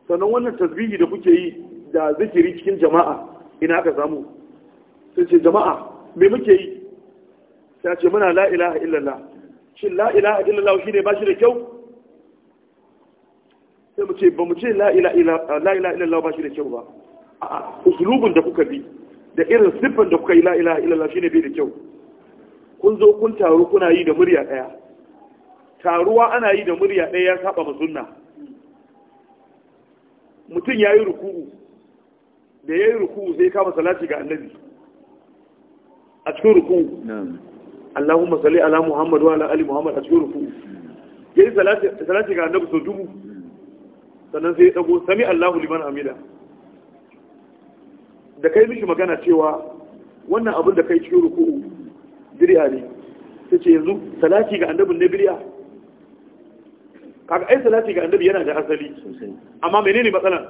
sannan wannan tasbihi da kuke yi da zikiri cikin jama'a ina ka samu sai ce jama'a me muke yi sai ce muna la ilaha illallah shin la ilaha illallah shi ba shi da kyau sai mu ce ba mu ce la ilaha illallah ba shi da kyau ba a'a usulubin da kuka bi da irin siffan da kuka yi la ilaha illallah ne bai da kyau kun zo kun taru kuna yi da murya daya taruwa ana yi da murya daya ya saba ma sunna mutum ya yi ruku'u da ya yi ruku'u sai kama salati ga annabi a cikin ruku Allahumma salli ala Muhammad wa ala ali Muhammad a cikin ruku yayi salati salati ga annabi so dubu sannan sai ya dago sami Allahu liman hamida da kai mishi magana cewa wannan abin da kai cikin ruku bid'a ne sai ce yanzu salati ga annabin ne bid'a kaga ai salati ga annabi yana da asali amma menene matsalar?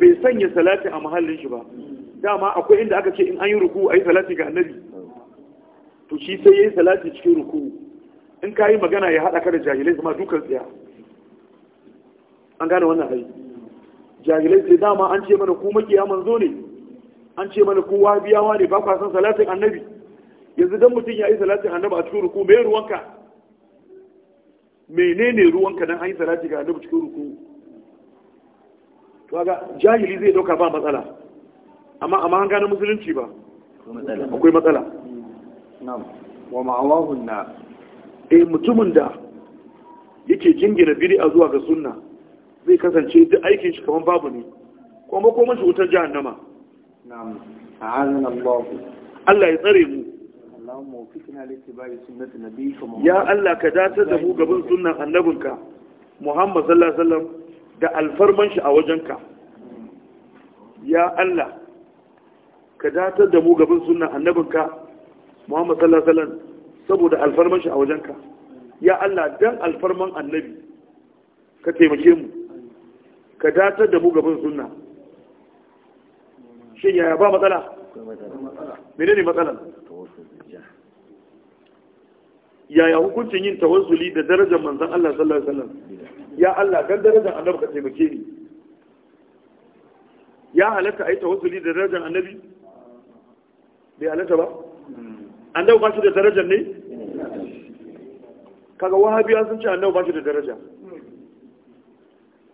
bai sanya salati a mahallin shi ba dama akwai inda aka ce in an yi ruku a yi salati ga annabi to shi sai ya yi salati cikin ruku in ka yi magana ya haɗa ka da jahilai zama dukan tsaya an gane wannan hari jahilai sai dama an ce mana ku makiya manzo ne an ce mana ku wahabiyawa ne ba kwa san salatin annabi yanzu dan mutum ya yi salatin annabi a cikin ruku me ruwanka menene ruwanka dan an yi salati ga annabi cikin ruku to ga jahili zai dauka ba matsala amma amma an gane musulunci ba akwai matsala wa ma'awahun na eh mutumin da yake jingina a zuwa ga sunna zai kasance duk aikin shi kamar babu ne kuma kuma shi wutar jahannama nama. Allah ya tsare mu ya Allah ka dace da mu gaban sunnan annabinka Muhammad sallallahu alaihi wasallam da alfarman shi a wajenka ya Allah ka datar da mu gaban sunna annabinka Muhammad sallallahu alaihi wasallam saboda alfarman shi a wajenka ya Allah dan alfarman annabi ka taimake mu ka datar da mu gaban sunna shin yaya ba matsala menene matsala? yaya hukuncin yin tawassuli da darajar manzon Allah sallallahu alaihi wasallam ya Allah dan darajar annabi ka taimake ni ya halatta a yi tawassuli da darajar annabi bai halatta ba an dau ba shi da daraja ne kaga wahabiya sun ce an dau ba shi da daraja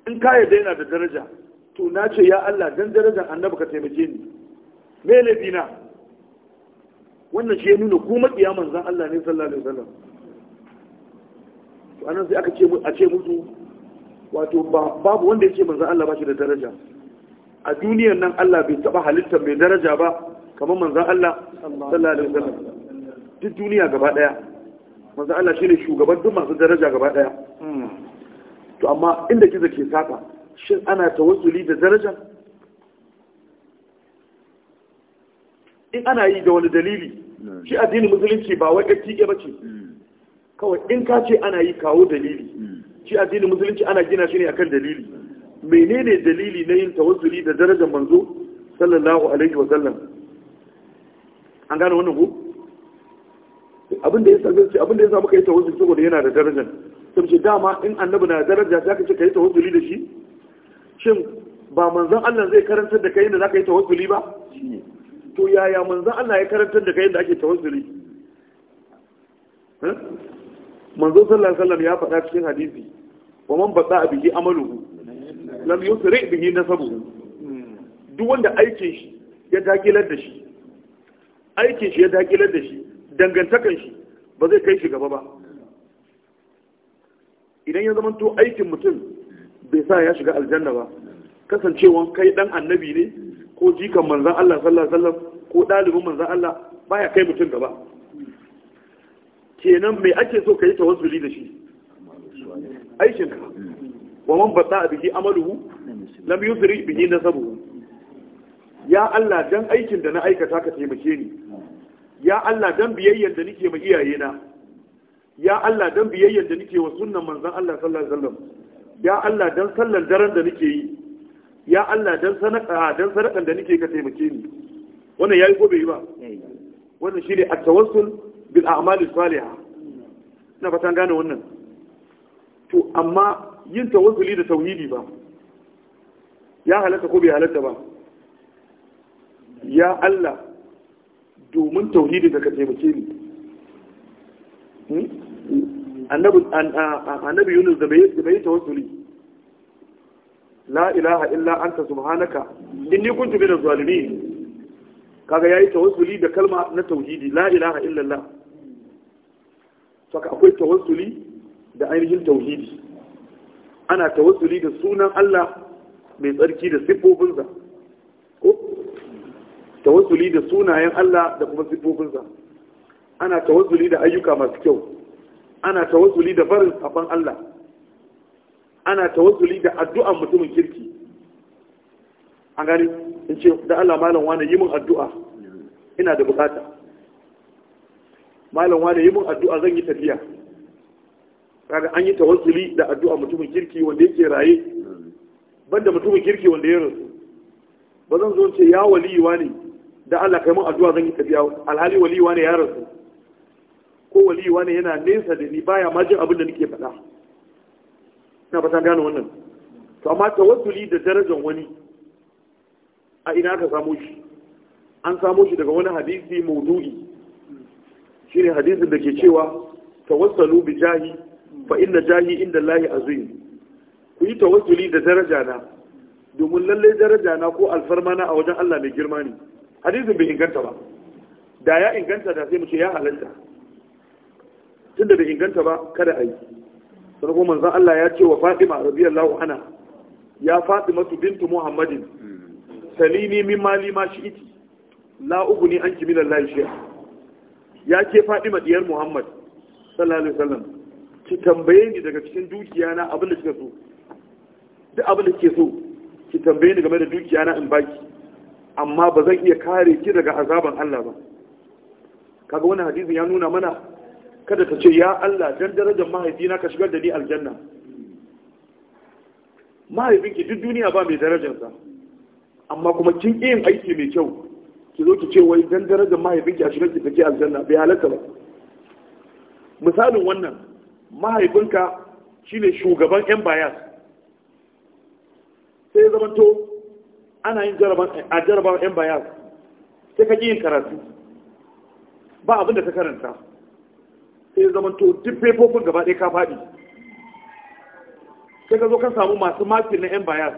in ka yadda yana da daraja to na ce ya Allah dan darajar annabi ka taimake ni me ne dina wannan shi ya nuna ku makiya manzon Allah ne sallallahu alaihi wasallam to anan sai aka ce a ce musu wato babu wanda ya ce manzon Allah ba shi da daraja a duniyar nan Allah bai taba halitta mai daraja ba kamar manzan Allah sallallahu alaihi wasallam duk duniya gaba daya manzan Allah shi ne shugaban duk masu daraja gaba daya hmm. to amma inda kiza ke saka shi ana tawassuli da daraja in ana yi da wani dalili shi addinin musulunci ba wai ba bace hmm. kawai in ka ce ana yi kawo dalili hmm. shi addinin musulunci ana gina shi ne akan dalili menene dalili na yin tawassuli da darajar manzo sallallahu alaihi wa sallam an gane wannan ku abin da ya ce abin da ya samu kai tawassuli saboda yana da darajar sai ce dama in annabi na daraja za ka ce kai tawassuli da shi shin ba manzon Allah zai karantar da kai yadda zaka yi tawassuli ba to yaya manzon Allah ya karantar da kai yadda ake tawassuli manzon sallallahu alaihi wasallam ya faɗa cikin hadisi wa man bada bihi amaluhu lam yusri bihi nasabu duk wanda aikin shi ya dakilar da shi aikin shi ya dakilar da shi dangantakan shi ba zai kai shi gaba ba idan ya zamanto aikin mutum bai sa ya shiga aljanna ba kasancewa kai dan annabi ne ko jikan manzan Allah sallallahu alaihi wasallam ko dalibin manzan Allah baya kai mutum gaba kenan me ake so ka yi tawassuli da shi ka wa man bata bihi amaluhu lam yusri bihi nasabuhu ya Allah dan aikin da na aikata ka taimake ni ya Allah dan biyayyar da nake ma iyayena ya Allah dan biyayyar da nake wa sunnan manzon Allah sallallahu alaihi wasallam ya Allah dan sallar daren da nake yi ya Allah dan sanaka dan sadakan da nake ka taimake ni wannan yayi ko bai ba wannan shine at-tawassul bil a'mal salihah ina fatan gane wannan to amma yin tawassuli da tauhidi ba ya halatta ko bai halatta ba ya Allah domin tauhidi da ka taimake ni hmm? annabi yunus da bai yi tawassuli la ilaha illa anta subhanaka ni kuntu minaz zalimin kaga yayi tawassuli da kalma na tauhidi la ilaha illa allah saka akwai tawassuli da ainihin tauhidi ana tawassuli da sunan Allah mai tsarki da siffofinsa tawassuli da sunayen Allah da kuma sifofinsa ana tawassuli da ayyuka masu kyau ana tawassuli da barin safan Allah ana tawassuli da addu'an mutumin kirki an gani in ce da Allah malam wani yi min addu'a ina da bukata malam wani yi min addu'a zan yi tafiya kaga an yi tawassuli da addu'a mutumin kirki wanda yake raye banda mutumin kirki wanda ya rasu ba zan zo ce ya waliwa ne da Allah kai mun addu'a zan yi tafiya alhali waliwa ne ya rasu ko waliwa ne yana nesa da ni baya ma jin abin da nake faɗa ina fata gane wannan to amma tawassuli da darajar wani a ina ka samu shi an samu shi daga wani hadisi maudu'i shine hadisin da ke cewa tawassalu bi jahi fa inna jahi inda Allah azim ku yi tawassuli da daraja na domin lallai daraja na ko alfarma na a wajen Allah mai girma ne hadisin bai inganta ba da ya inganta da sai mu ce ya halatta tunda bai inganta ba kada a yi sai kuma manzon Allah ya ce wa Fatima radiyallahu anha ya Fatima bintu Muhammadin salini min mali ma shi'iti la ubuni anki min Allah shi'a ya ce Fatima diyar Muhammad sallallahu alaihi wasallam ki tambaye ni daga cikin dukiya na abin da kike so duk abin da kike so ki tambaye ni game da dukiya na in baki amma ba zan iya kare ki daga azaban Allah ba kaga wannan hadisi ya nuna mana kada ta ce ya Allah dan darajar mahaifina ka shigar da ni aljanna mahaifinki duk duniya ba mai darajarsa amma kuma kin yin aiki mai kyau ki zo ki ce wai dan darajar mahaifinki a shigar ki take aljanna bai halaka ba misalin wannan mahaifinka shine shugaban yan bayas sai zamanto ana yin a jarabar yan bayan sai ka yin karatu ba abin da ka karanta sai zaman to duk fefofin gaba ɗaya ka faɗi sai ka zo kan samu masu maki na yan bayan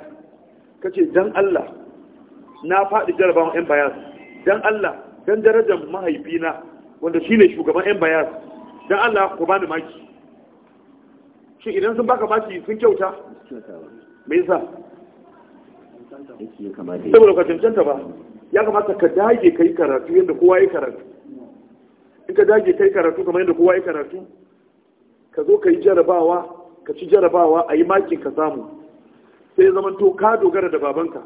ka ce don Allah na faɗi jarabar yan bayan don Allah don darajar mahaifina wanda shi ne shugaban yan bayan don Allah ku bani maki shi idan sun baka maki sun kyauta me yasa saboda ka cancanta ba ya kamata ka dage kai karatu yadda kowa ya karatu in ka dage kai karatu kamar yadda kowa ya karatu ka zo ka yi jarabawa ka ci jarabawa a yi makin ka samu sai zama to ka dogara da babanka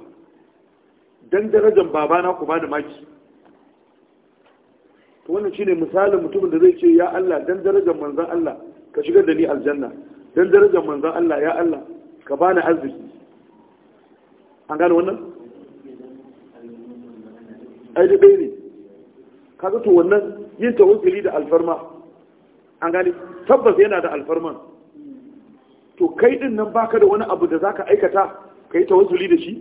don darajar babana ku bani maki to wannan shine misalin mutumin da zai ce ya Allah dan darajar manzon Allah ka shigar da ni aljanna dan darajar manzon Allah ya Allah ka bani arziki an gane wannan ai da ne kaga to wannan yin tawakkali da alfarma an gane tabbas yana da alfarman to kai din nan baka da wani abu da zaka aikata kai tawakkali da shi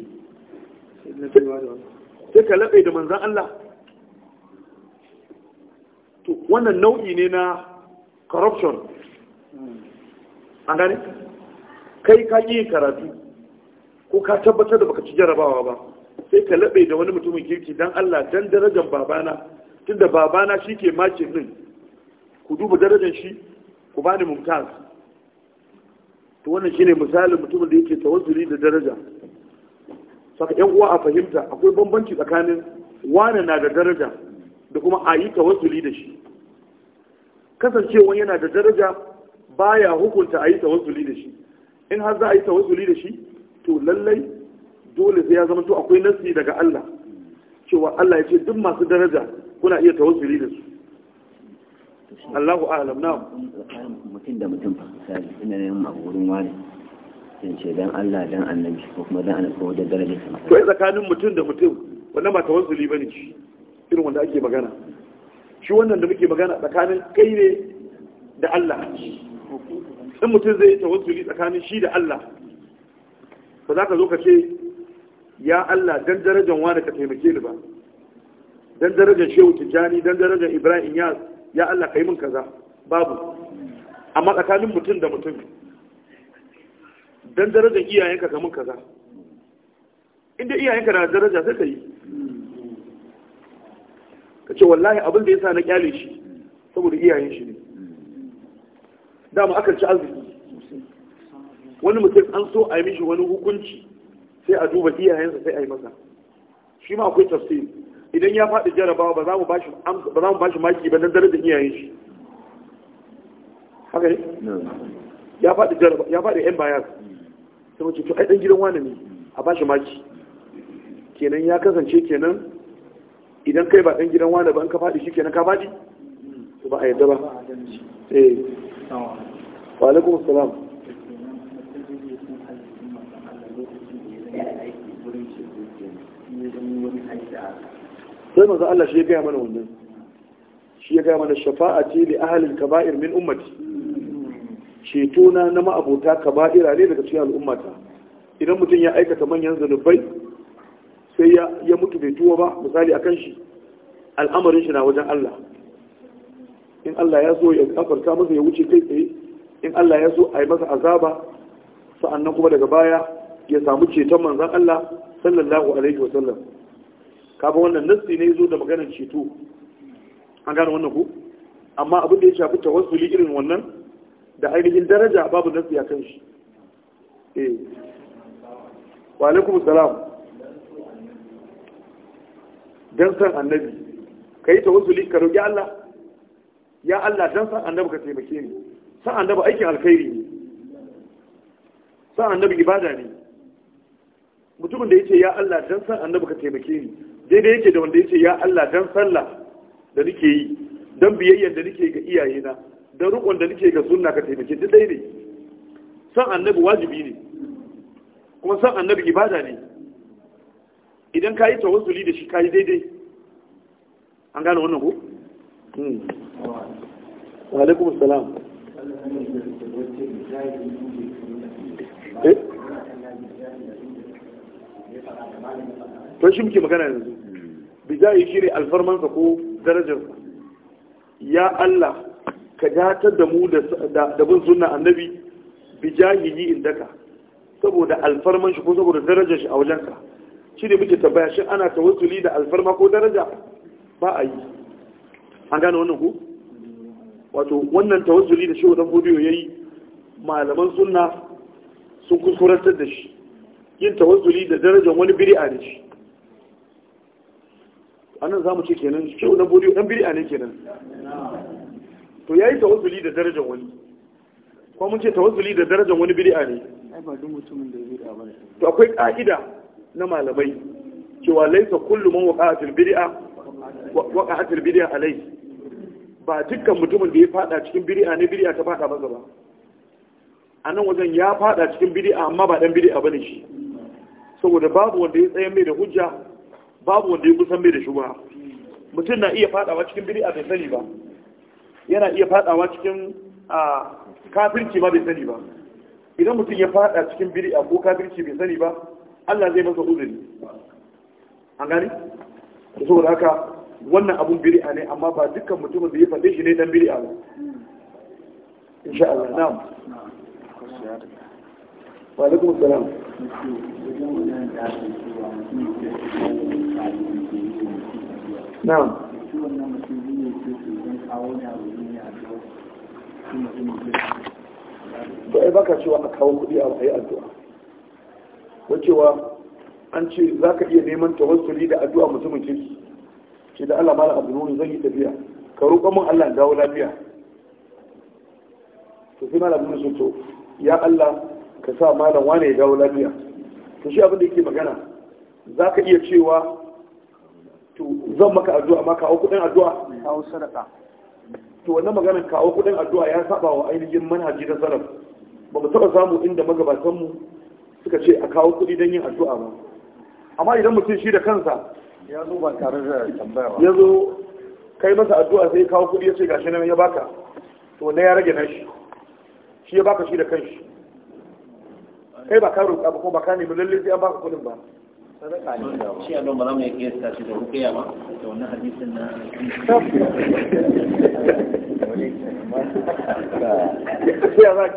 sai ka laɓe da manzan Allah to wannan nau'i ne na corruption an gane kai ka yi karatu ko ka tabbatar da baka ci jarabawa ba sai ka laɓe da wani mutumin kirki dan Allah dan darajar babana tunda babana shi ke makin din ku duba darajar shi ku bani mumtaz to wannan shine misalin mutumin da yake tawazzuli da daraja saka yan uwa a fahimta akwai bambanci tsakanin wane na da daraja da kuma a yi da shi kasancewa yana da daraja baya hukunta a yi tawazzuli da shi in har za a yi tawazzuli da shi to lallai dole sai ya zama to akwai nasi daga Allah cewa Allah ya ce duk masu daraja kuna iya tawassuli da su Allahu a'lam na'am mutum da mutum misali ina ne ma gurin wani sai ce dan Allah dan annabi ko kuma dan annabi ko da daraja sa to tsakanin mutum da mutum wannan ba tawassuli bane shi irin wanda ake magana shi wannan da muke magana tsakanin kai ne da Allah in mutum zai yi tawassuli tsakanin shi da Allah ba za ka zo ka ce ya Allah dan darajar wani ka taimake ni ba dan darajar shehu tijjani dan darajar ibrahim yaz ya Allah ka yi min kaza babu amma tsakanin mutum da mutum dan darajar iyayenka ka min kaza inda iyayenka na daraja sai ka yi ka ce wallahi abin da yasa sa na kyale shi saboda iyayen shi ne dama akan ci arziki wani mutum an so a yi mishi wani hukunci sai a duba iyayensa sai a yi masa shi ma akwai tafsiri idan ya faɗi jarabawa ba za mu ba shi maki ba don darajar iyayen shi haka ne ya faɗi jarabawa ya faɗi yan bayan sai mace to ai ɗan gidan wani ne a ba shi maki kenan ya kasance kenan idan kai ba ɗan gidan wani ba an ka faɗi shi kenan ka faɗi to ba a yadda ba eh wa alaikum assalam sai manzo Allah shi ya gaya mana wannan shi ya gaya mana shafa'ati li ahalin kaba'ir min ummati ceto na na ma'abota kaba'ira ne daga cikin al'ummata idan mutum ya aikata manyan zanubai sai ya mutu bai tuwa ba misali akan shi al'amarin shi na wajen Allah in Allah ya so ya kafarta masa ya wuce kai tsaye in Allah ya so a yi masa azaba sa'annan kuma daga baya ya samu ceton manzon Allah sallallahu alaihi wa sallam kafin wannan nassi ne zo da maganar ceto an gane wannan ku amma abin da ya shafi tawassuli irin wannan da ainihin daraja babu nassi a kan shi eh wa alaikum salam dan san annabi kai tawassuli ka roki Allah ya Allah dan san annabi ka taimake ni san annabi aikin alkhairi ne san annabi ibada ne mutumin da ya ce ya Allah dan san annabi ka taimake ni daidai yake da wanda yake ya Allah dan sallah da nake yi dan biyayyar da nake ga iyayena dan rukun da nake ga sunna ka taimake duk dai ne san annabi wajibi ne kuma san annabi ibada ne idan ka yi tawassuli da shi ka yi daidai an gane wannan ko hmm. wa alaikum assalam eh to shi muke magana yanzu hmm. bijayi shi ne alfarmansa ko darajarsa ya Allah ka datar da mu da bin sunna annabi bijayi yi indaka saboda alfarman shi ko saboda darajar shi a wajenka shi ne muke tabbaya shi ana tawassuli da alfarma ko daraja ba a yi an gane wannan ku wato wannan tawassuli da shi wadan godiyo yi malaman sunna sun kuskurantar da shi yin tawazzuli da darajar wani bid'a a shi za mu ce kenan kyau na bodiyo biri a ne kenan to ya yi tawazzuli da darajar wani kuma mun ce tawazzuli da darajar wani a ne to akwai ka'ida na malamai cewa laisa kullu man waqa'atil a waqa'atil alai ba dukkan mutumin da ya fada cikin bid'a ne bid'a ta fada maza ba nan wajen ya fada cikin bid'a amma ba dan bid'a bane shi saboda babu wanda ya tsaye mai da hujja babu wanda ya kusan mai da shubha mutum na iya fadawa cikin biri a bai sani ba yana iya fadawa cikin a kafirci ma bai sani ba idan mutum ya fada cikin biri a ko kafirci bai sani ba Allah zai masa uzuri an gani da saboda haka wannan abun a ne amma ba dukkan mutumin da ya faɗe shi ne dan a ba insha Allah na'am wa salam na'am to ai baka cewa a kawo kuɗi a yi addu'a wacewa an ce za ka iya neman tawassuli da addu'a mutumin kirki ce da Allah mala abu nuni zan yi tafiya ka roƙa mun Allah dawo lafiya to sai mala abu to ya Allah ka sa malam wane ya dawo lafiya to shi abin da yake magana za ka iya cewa to zan maka addu'a ma kawo kudin addu'a kawo sadaka to wannan maganar kawo kudin addu'a ya saba wa ainihin manhaji na salaf ba mu taba samu inda magabatanmu suka ce a kawo kudi don yin addu'a ba amma idan mutum shi da kansa ya zo ba tare da tambaya ba ya zo kai masa addu'a sai kawo kudi ya ce gashi nan ya baka to wannan ya rage nashi shi ya baka shi da kanshi kai ba ka roƙa ba ko ba ka nemi lalle sai an baka kuɗin ba sadaka ne shi a don ba za mu yi kiyasta shi da rukiya ba da wannan hadisin na sai za ki yi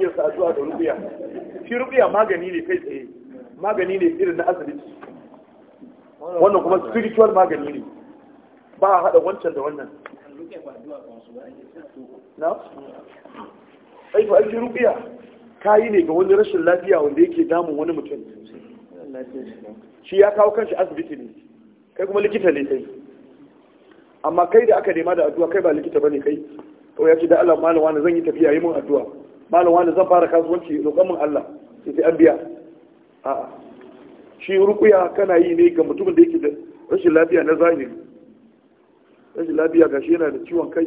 addu'a da rukiya shi rukiya magani ne kai tsaye magani ne irin na asibiti wannan kuma spiritual magani ne ba a haɗa wancan da wannan na? Aiki rukiya kayi ne ga wani rashin lafiya wanda yake damun wani mutum shi ya kawo kanshi asibiti ne kai kuma likita ne kai amma kai da aka nema da addu'a kai ba likita bane kai to ya ce da Allah malam wani zan yi tafiya yi mun addu'a malam wani zan fara kasuwanci roƙon mun Allah sai sai an biya a'a shi rukuya kana yi ne ga mutumin da yake da rashin lafiya na zahiri rashin lafiya gashi yana da ciwon kai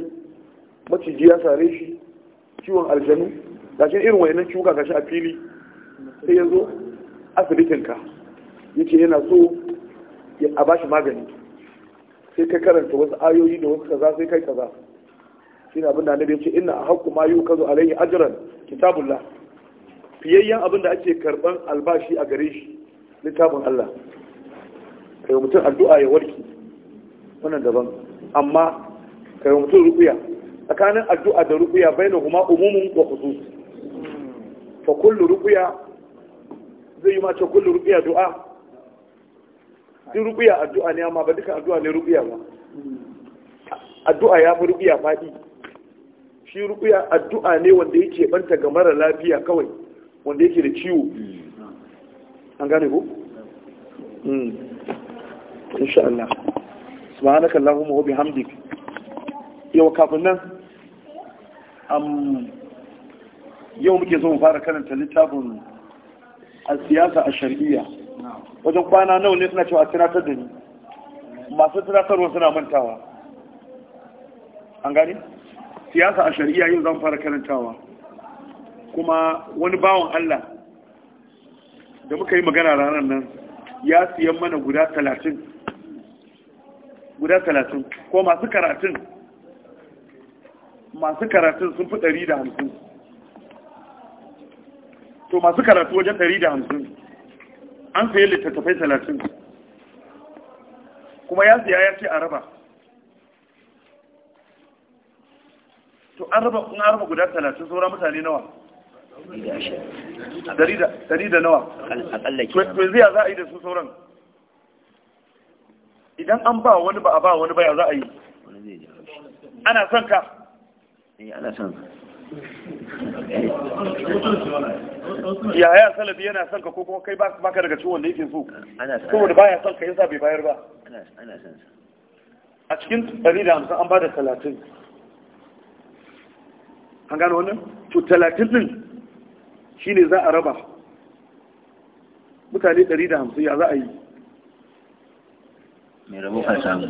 maciji ya sare shi ciwon aljanu gashi irin wayannan cuka gashi a fili sai ya zo asibitinka ya ce yana so a bashi magani sai kai karanta wasu ayoyi da wasu kaza sai kai kaza shine abin da annabi ya ce ina a haƙƙu ma yukazu alayhi ajran kitabullah fiyayyen abin da ake karban albashi a gare shi littafin Allah kai mutum addu'a ya warki wannan daban amma kai mutum rukuya tsakanin addu'a da rukuya kuma umumun wa khusus fa kullu ruqya zai yi ma ta kullu ruqya du'a duk ruqya addu'a ne amma ba duka addu'a ne ruqya ba addu'a ya fi ruqya fadi shi ruqya addu'a ne wanda yake banta ga mara lafiya kawai wanda yake da ciwo an gane ko hmm. insha Allah subhanaka allahumma wa bihamdik yau kafin nan yau muke zo mu fara karanta littafin a siyasa a shari'a wajen kwana nawa ne suna cewa tunatar da ni masu tunatarwa suna mantawa an gani siyasa a shari'a yau zan fara karantawa kuma wani bawan Allah da muka yi magana ranar nan ya siyan mana guda talatin guda talatin ko masu karatun masu karatun sun fi ɗari da hamsin to masu karatu wajen ɗari da hamsin an sayi littattafai talatin kuma ya siya ya ce a raba to an raba in an raba guda talatin saura mutane nawa ɗari da nawa to zai za a yi da su sauran idan an ba wani ba a ba wani ba ya za a yi ana son ka eh, ana son ka yaya salafi yana son ka ko kuma kai baka daga ciwon da yake so saboda baya son ka yasa bai bayar ba a cikin 150 an ba da 30 an gano wannan to 30 din shine za a raba mutane 150 ya za a yi mai rabo kan samu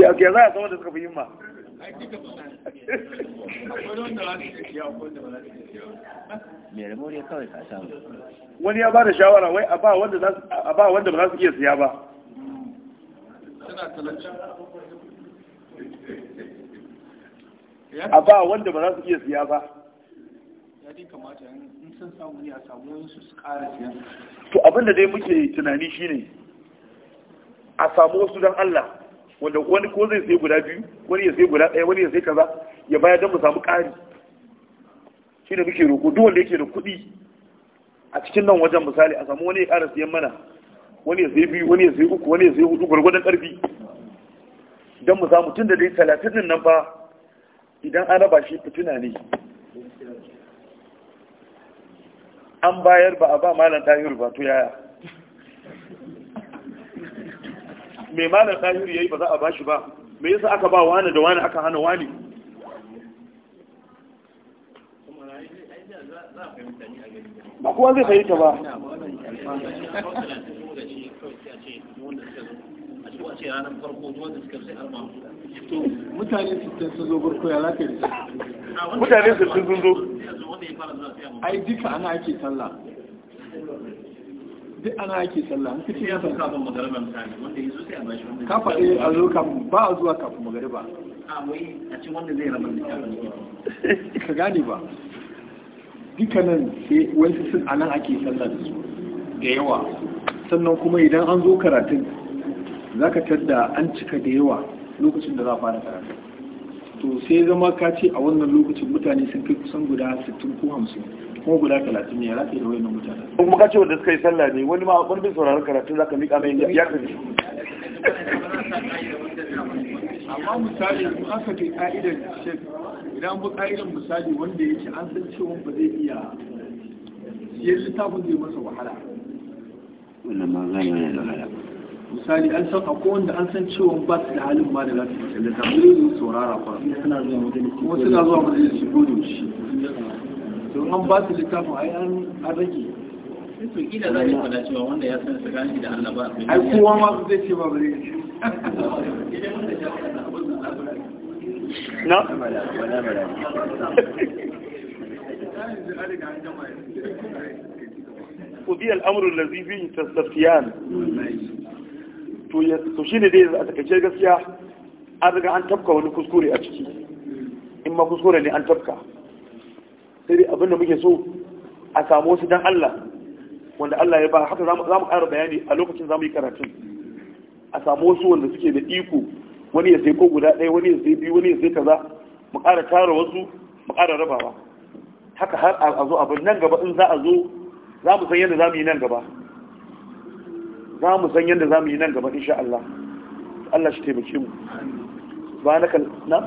ya za a zama da suka fi ma wani ya ba da shawara wai a ba wanda ba za su iya siya ba a ba wanda ba za su iya siya ba to abinda dai muke tunani shine a samu wasu don Allah wanda wani ko zai sai guda biyu wani ya sai guda ɗaya wani ya sai kaza ya bayar don mu samu ƙari shi da muke roƙo duk wanda yake da kuɗi a cikin nan wajen misali a samu wani ya ƙara siyan mana wani ya sai biyu wani ya sai uku wani ya sai hudu gwargwadon ƙarfi don mu samu tun da dai talatin din nan fa idan an raba shi fituna ne an bayar ba a ba malam tahiru ba yaya mai malar ya yi ba za a ba shi ba me yasa aka ba wani da wani aka hana wani ba kuwa zai fahimta ba mutane sittin sun zo barko ya lafiya mutane sun zo ai duka ana ake talla. duk ana ake sallah in kace ya san kafin magariba misali wanda yazo sai a bashi wanda ka faɗi a zo kafin ba a zuwa kafin magariba a wai a ce wanda zai raba littafin ka gane ba dukkanin sai wasu sun anan ake sallah da su da yawa sannan kuma idan an zo karatun za ka tadda an cika da yawa lokacin da za a fara karatun to sai zama ka ce a wannan lokacin mutane sun kai kusan guda 60 ko 50 ko guda talatin ne za ka yi da wayannan mutane kuma ka ce wanda suka yi sallah ne wani ma wani bai sauraron karatu za ka miƙa mai ya kaji amma misali in aka kai ka'idar shek idan bu ka'idar misali wanda ya ce an san cewa ba zai iya siyan littafin zai masa wahala wannan ma zai yi da wahala misali an san akwai wanda an san cewa ba su da halin ma da za su yi littafin zai saurara fa wasu na zuwa majalisi ko da shi to an ba su littafin ai an rage to kila za cewa wanda ya san tsakanin da Allah ba ai kowa ma zai ce ba bare na قضي الأمر الذي to shi ne dai a takaice gaskiya an riga an tafka wani kuskure a ciki in ma kuskure ne an tafka sai dai abinda muke so a samu wasu don Allah wanda Allah ya ba haka za mu ƙara bayani a lokacin za mu yi karatun a samu wasu wanda suke da iko wani ya sai ko guda ɗaya wani ya sai biyu wani ya sai kaza mu ƙara tara wasu mu ƙara rabawa haka har a zo abin nan gaba in za a zo za mu san yadda za mu yi nan gaba za mu san yadda za mu yi nan gaba insha Allah Allah shi taimake mu ba na kan na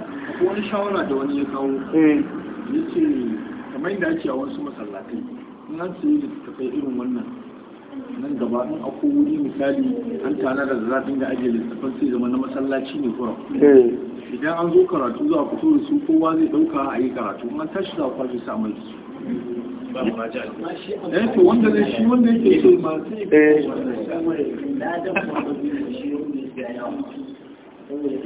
wani shawara da wani ya kawo eh yace kamar yadda ake a wasu masallatai in an sayi littattafai irin wannan nan gaba in akwai wuri misali an tana da zafin da ajiye littafin sai zama na masallaci ne kuwa eh. idan an zo karatu za a fito da su kowa zai ɗauka a yi karatu in an tashi za a kwashe su mai su ba eh, to wanda zai shi wanda yake so ma sai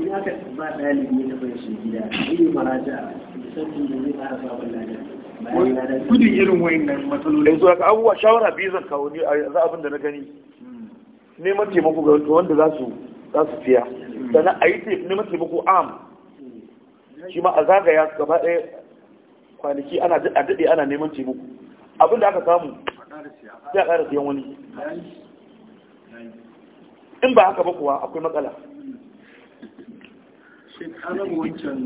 ya eh. taɓa maraja gudun irin wayan nan matsaloli su aka abubuwa shawara biyu zan kawo ne a yanzu abin da na gani hmm. neman taimako ga wanda za su za su fiya hmm. sannan a yi neman taimako am hmm. shi ma a zagaya gaba ɗaya kwanaki ana a daɗe ana neman taimako abin da aka samu sai a ƙara siyan wani in ba haka ba kuwa akwai matsala sai ka wancan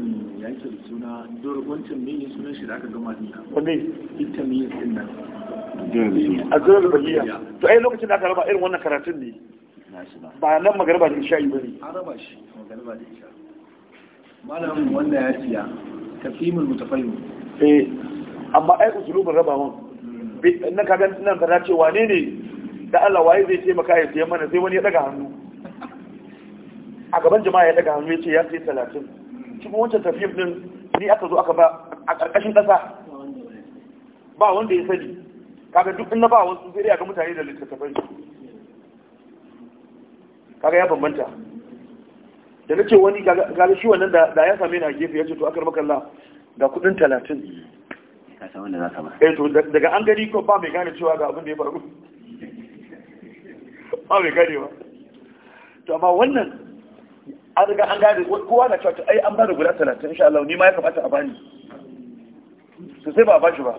ya da suna dole wancan me yin sunan shi da aka gama din wanda ita me yin din nan a zuwa baliya to ai lokacin da aka raba irin wannan karatun ne ba nan magarba da isha'i ba ne an raba shi magarba da isha'i malam wanda ya siya tafhimul mutafahim eh amma ai usulubin rabawan na hmm. kaga nan fara cewa ne ne da Allah waye zai ce maka ya siya mana sai wani ya daga hannu a gaban jama'a ya daga hannu ya ce ya sai talatin cikin wancan tafiyar din ni aka zo aka ba a ƙarƙashin ƙasa ba wanda ya sani kaga duk na ba wasu sai dai ga mutane da littattafai kaga ya bambanta da na ce wani gaga shi wannan da ya same ni a gefe ya ce to akar makalla eh, da kudin talatin to daga an gani ko ba mai gane cewa ga abin da ya faru ba mai gane ba to amma wannan an riga an gane kowa na cewa ai an bada guda talatin insha Allah ni ma ya kamata a bani to sai ba a bashi ba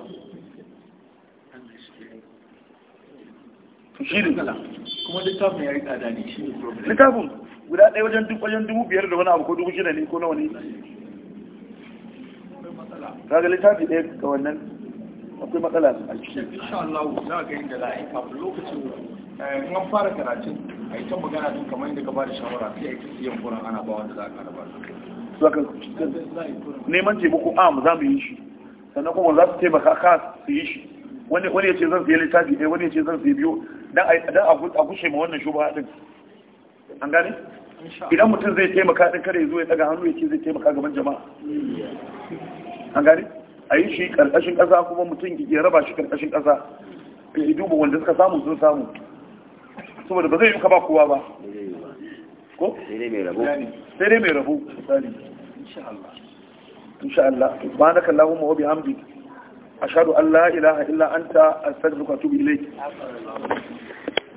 shi ne kuma littafin ya yi tsada ne shi ne littafin guda ɗaya wajen duk wajen dubu biyar da wani abu ko dubu shida ne ko nawa ne kaga littafi ɗaya ga wannan akwai matsala a cikin insha Allah za ga da za a yi kafin lokacin eh, mun fara karatun a yi ta magana tun kamar yadda ka ba da shawara sai a yi ta siyan furan ana ba wanda za a kara ba neman taimako am za mu yi shi sannan kuma za su taimaka ka su yi shi wani ya ce zan siya littafi ɗaya wani ya ce zan siya biyu dan a gushe ma wannan shubha din an gane idan mutum zai taimaka din kada ya zo ya daga hannu ya ce zai taimaka gaban jama'a an gane a yi shi karkashin ƙasa kuma mutum ya raba shi karkashin ƙasa ya duba wanda suka samu sun samu saboda ba zai yi kaba ba kowa ba ko sai dai mai rabo sai dai mai rabo misali insha Allah insha Allah ilaha illa anta astaghfiruka wa atubu dai.